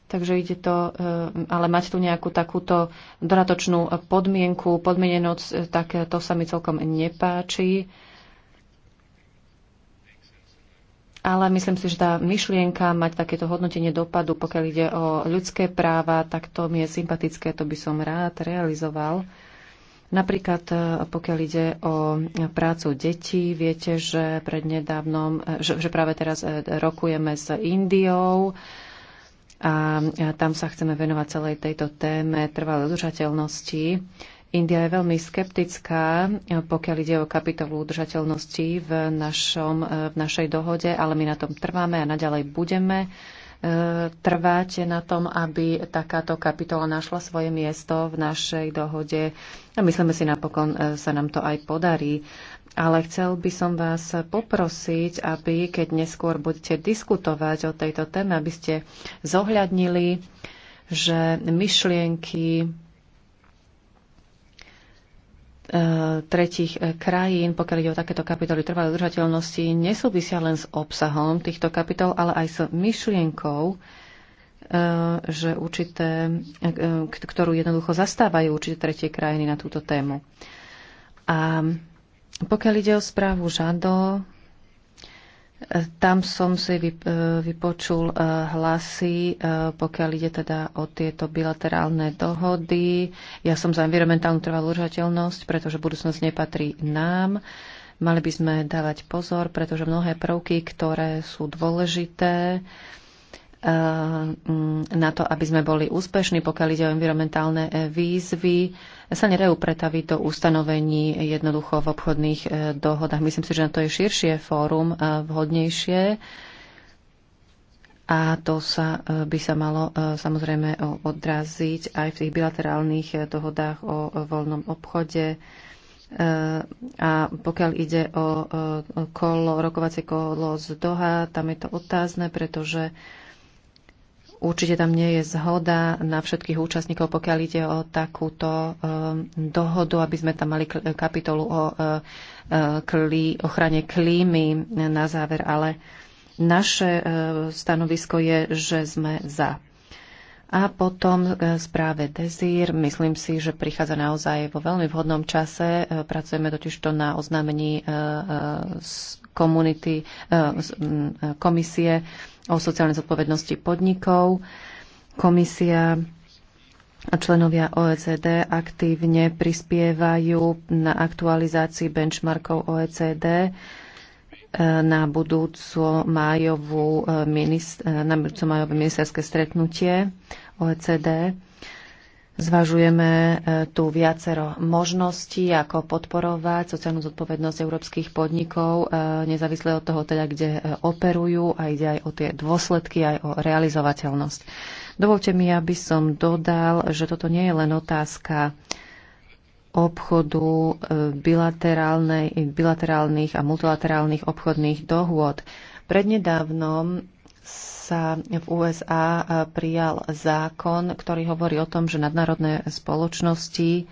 Takže ide to, eh, ale mať tu nejakú takúto dodatočnú podmienku, podmienenosť, eh, tak eh, to sa mi celkom nepáči. Ale myslím si, že tá myšlienka mať takéto hodnotenie dopadu, pokiaľ ide o ľudské práva, tak to mi je sympatické, to by som rád realizoval. Napríklad pokiaľ ide o prácu detí, viete, že prednedávnom, že, že práve teraz rokujeme s Indiou, a tam sa chceme venovať celej tejto téme trvalej udržateľnosti. India je veľmi skeptická, e, pokiaľ ide o kapitolu udržateľnosti v, našom, e, v našej dohode, ale my na tom trváme a naďalej budeme e, trvať na tom, aby takáto kapitola našla svoje miesto v našej dohode. A myslíme si, napokon sa nám to aj podarí ale chcel by som vás poprosiť, aby keď neskôr budete diskutovať o tejto téme, aby ste zohľadnili, že myšlienky e, tretich e, krajín, pokiaľ ide o takéto kapitoly trvalej udržateľnosti, nesúvisia len s obsahom týchto kapitol, ale aj s myšlienkou, e, že určité, ktorú jednoducho zastávajú určité tretie krajiny na túto tému. A pokiaľ ide o správu Žado, e, tam som si e, vypočul e, hlasy, pokiaľ ide teda o tieto bilaterálne dohody. Ja som za environmentálnu trvalú udržateľnosť, pretože budúcnosť nepatrí nám. Mali by sme dávať pozor, pretože mnohé prvky, ktoré sú dôležité, Eh, na to, aby sme boli úspešní, pokiaľ ide o environmentálne eh, výzvy, sa nedajú pretaviť do ustanovení jednoducho v obchodných eh, dohodách. Myslím si, že na to je širšie fórum vhodnejšie a to sa by sa malo samozrejme odraziť aj v tých bilaterálnych dohodách o voľnom obchode. A pokiaľ ide o kolo, rokovacie kolo z Doha, tam je to otázne, pretože Určite tam nie je zhoda na všetkých účastníkov, pokiaľ ide o takúto eh, dohodu, aby sme tam mali kapitolu o eh, eh, klí, ochrane klímy na záver, ale naše stanovisko je, že sme za. A potom správe Dezír. Myslím si, že prichádza naozaj vo veľmi vhodnom čase. Pracujeme totiž to na oznámení komunity, mm, komisie o sociálnej zodpovednosti podnikov. Komisia a členovia OECD aktívne prispievajú na aktualizácii benchmarkov OECD e, na budúcu májovú e, e, na majové ministerské stretnutie OECD. Zvažujeme e, tu viacero možností, ako podporovať sociálnu zodpovednosť európskych podnikov, e, nezávisle od toho, teda, kde e, operujú a ide aj o tie dôsledky, aj o realizovateľnosť. Dovolte mi, aby som dodal, že toto nie je len otázka obchodu, bilaterálnych a multilaterálnych obchodných dohôd. Prednedávnom sa v USA e, prijal zákon, ktorý hovorí o tom, že nadnárodné spoločnosti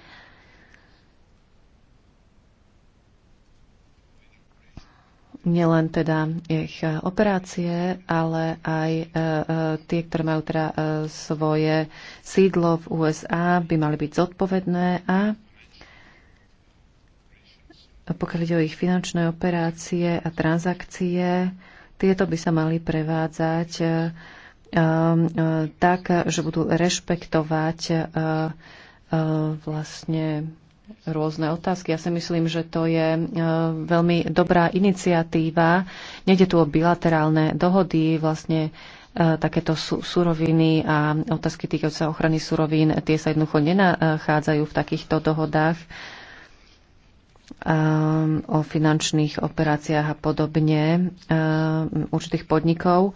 nielen teda ich operácie, ale aj e, e, tie, ktoré majú teda svoje sídlo v USA, by mali byť zodpovedné a pokiaľ ide o ich finančné operácie a transakcie, tieto by sa mali prevádzať eh, eh, tak, že budú rešpektovať eh, vlastne rôzne otázky. Ja si myslím, že to je veľmi dobrá iniciatíva. Nede tu o bilaterálne dohody, vlastne takéto suroviny a otázky týkajúce sa ochrany surovín, tie sa jednoducho nenachádzajú v takýchto dohodách. Um, o finančných operáciách a podobne um, určitých podnikov.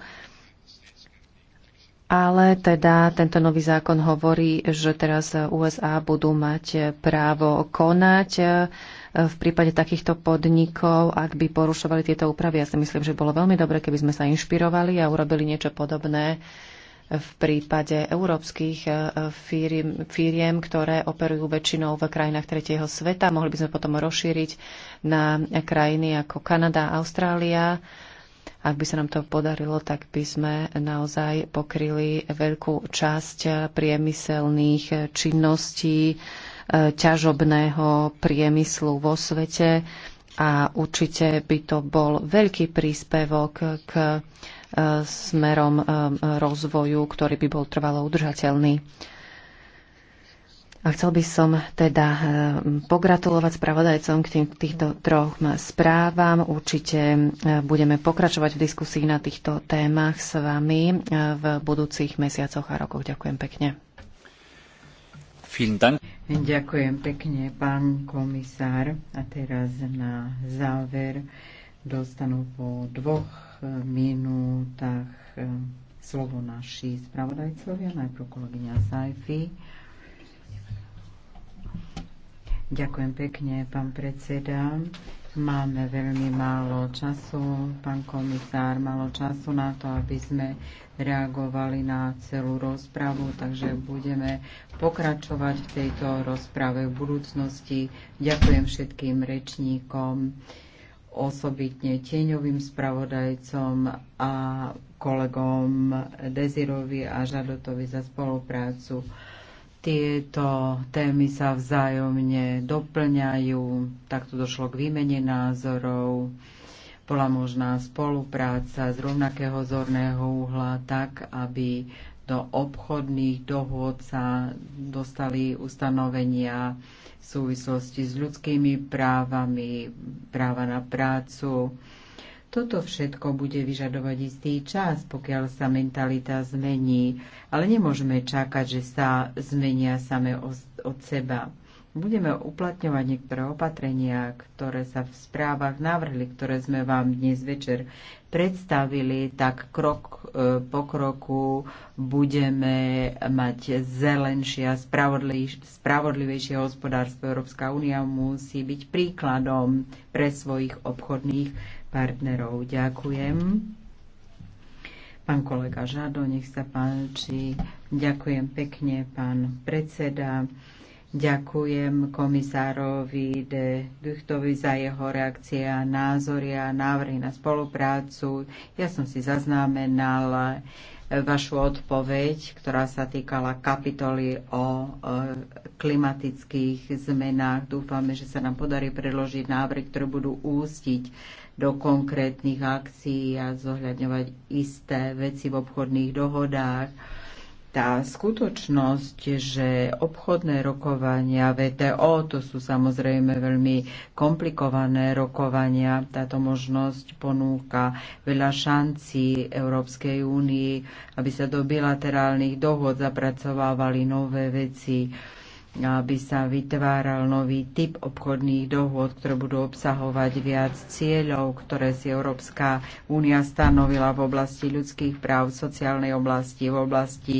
Ale teda tento nový zákon hovorí, že teraz USA budú mať právo konať uh, v prípade takýchto podnikov, ak by porušovali tieto úpravy. Ja si myslím, že bolo veľmi dobre, keby sme sa inšpirovali a urobili niečo podobné v prípade európskych e, firiem, firiem, ktoré operujú väčšinou v krajinách tretieho sveta. Mohli by sme potom rozšíriť na krajiny ako Kanada, Austrália. Ak by sa nám to podarilo, tak by sme naozaj pokryli veľkú časť priemyselných činností e, ťažobného priemyslu vo svete a určite by to bol veľký príspevok k smerom eh, rozvoju, ktorý by bol trvalo udržateľný. A chcel by som teda eh, pogratulovať spravodajcom k tým, týchto troch správam. Určite eh, budeme pokračovať v diskusii na týchto témach s vami v budúcich mesiacoch a rokoch. Ďakujem pekne. Ďakujem pekne, pán komisár. A teraz na záver dostanú po dvoch minútach eh, slovo naši spravodajcovia, najprv kolegyňa Sajfi. Ďakujem pekne, pán predseda. Máme veľmi málo času, pán komisár, málo času na to, aby sme reagovali na celú rozpravu, takže budeme pokračovať v tejto rozprave v budúcnosti. Ďakujem všetkým rečníkom osobitne tieňovým spravodajcom a kolegom Dezirovi a Žadotovi za spoluprácu. Tieto témy sa vzájomne doplňajú, takto došlo k výmene názorov, bola možná spolupráca z rovnakého zorného uhla tak, aby do obchodných dohôd sa dostali ustanovenia v súvislosti s ľudskými právami, práva na prácu. Toto všetko bude vyžadovať istý čas, pokiaľ sa mentalita zmení, ale nemôžeme čakať, že sa zmenia same od seba budeme uplatňovať niektoré opatrenia, ktoré sa v správach navrhli, ktoré sme vám dnes večer predstavili, tak krok e, po kroku budeme mať zelenšie a spravodlivejšie hospodárstvo. Európska únia musí byť príkladom pre svojich obchodných partnerov. Ďakujem. Pán kolega Žado, nech sa páči. Ďakujem pekne, pán predseda. Ďakujem komisárovi de Duchtovi za jeho reakcie a názory a návrhy na spoluprácu. Ja som si zaznamenal e, vašu odpoveď, ktorá sa týkala kapitoly o e, klimatických zmenách. Dúfame, že sa nám podarí predložiť návrhy, ktoré budú ústiť do konkrétnych akcií a zohľadňovať isté veci v obchodných dohodách tá skutočnosť, že obchodné rokovania VTO, to sú samozrejme veľmi komplikované rokovania, táto možnosť ponúka veľa šancí Európskej únii, aby sa do bilaterálnych dohod zapracovávali nové veci aby sa vytváral nový typ obchodných dohôd, ktoré budú obsahovať viac cieľov, ktoré si Európska únia stanovila v oblasti ľudských práv, sociálnej oblasti, v oblasti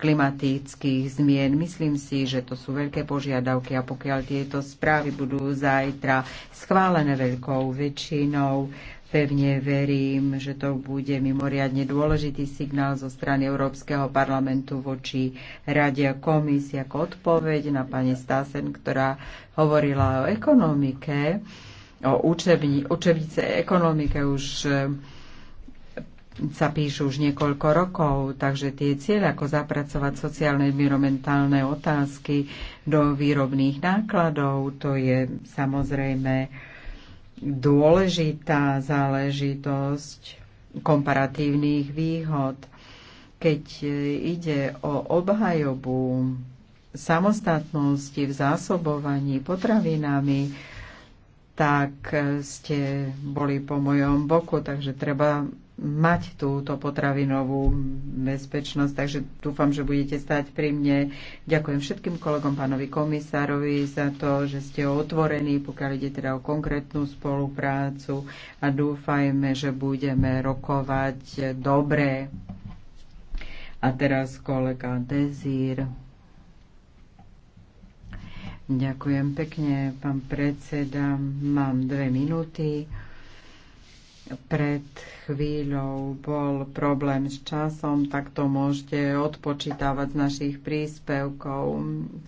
klimatických zmien. Myslím si, že to sú veľké požiadavky a pokiaľ tieto správy budú zajtra schválené veľkou väčšinou, Pevne verím, že to bude mimoriadne dôležitý signál zo strany Európskeho parlamentu voči Rade a komisii ako odpoveď na pani Stasen, ktorá hovorila o ekonomike, o učebnice ekonomike už eh, sa píšu už niekoľko rokov, takže tie cieľe, ako zapracovať sociálne environmentálne otázky do výrobných nákladov, to je samozrejme dôležitá záležitosť komparatívnych výhod. Keď e, ide o obhajobu samostatnosti v zásobovaní potravinami, tak e, ste boli po mojom boku, takže treba mať túto potravinovú bezpečnosť, takže dúfam, že budete stať pri mne. Ďakujem všetkým kolegom, pánovi komisárovi za to, že ste otvorení, pokiaľ ide teda o konkrétnu spoluprácu a dúfajme, že budeme rokovať dobre. A teraz kolega Dezír. Ďakujem pekne, pán predseda. Mám dve minúty pred chvíľou bol problém s časom, tak to môžete odpočítavať z našich príspevkov.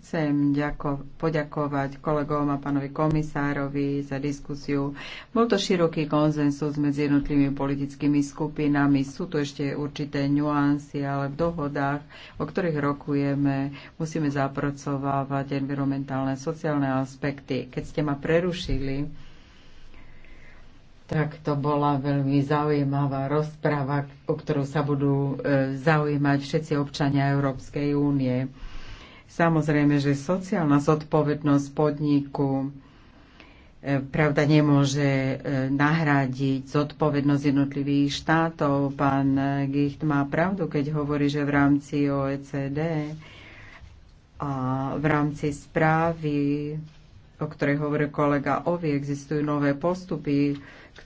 Chcem ďako- poďakovať kolegom a pánovi komisárovi za diskusiu. Bol to široký konzensus medzi jednotlivými politickými skupinami. Sú tu ešte určité nuancy, ale v dohodách, o ktorých rokujeme, musíme zapracovávať environmentálne, sociálne aspekty. Keď ste ma prerušili, tak to bola veľmi zaujímavá rozpráva, o ktorú sa budú e, zaujímať všetci občania Európskej únie. Samozrejme, že sociálna zodpovednosť podniku e, pravda nemôže e, nahradiť zodpovednosť jednotlivých štátov. Pán Gicht má pravdu, keď hovorí, že v rámci OECD a v rámci správy, o ktorej hovorí kolega Ovi, existujú nové postupy,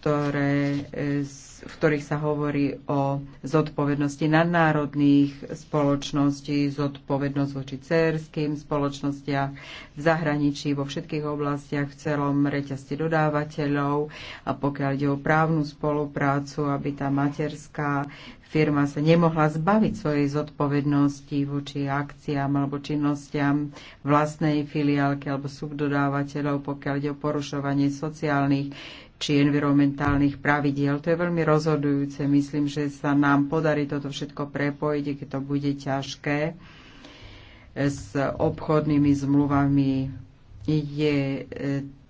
ktoré, e, v ktorých sa hovorí o zodpovednosti nadnárodných spoločností, zodpovednosť voči cerským spoločnostiach v zahraničí, vo všetkých oblastiach, v celom reťazci dodávateľov a pokiaľ ide o právnu spoluprácu, aby tá materská firma sa nemohla zbaviť svojej zodpovednosti voči akciám alebo činnostiam vlastnej filiálky alebo subdodávateľov, pokiaľ ide o porušovanie sociálnych či environmentálnych pravidiel. To je veľmi rozhodujúce. Myslím, že sa nám podarí toto všetko prepojiť, keď to bude ťažké s obchodnými zmluvami. Je e,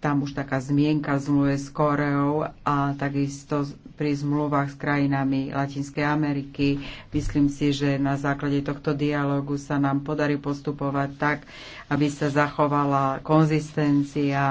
tam už taká zmienka zmluve s Koreou a takisto pri zmluvách s krajinami Latinskej Ameriky. Myslím si, že na základe tohto dialogu sa nám podarí postupovať tak, aby sa zachovala konzistencia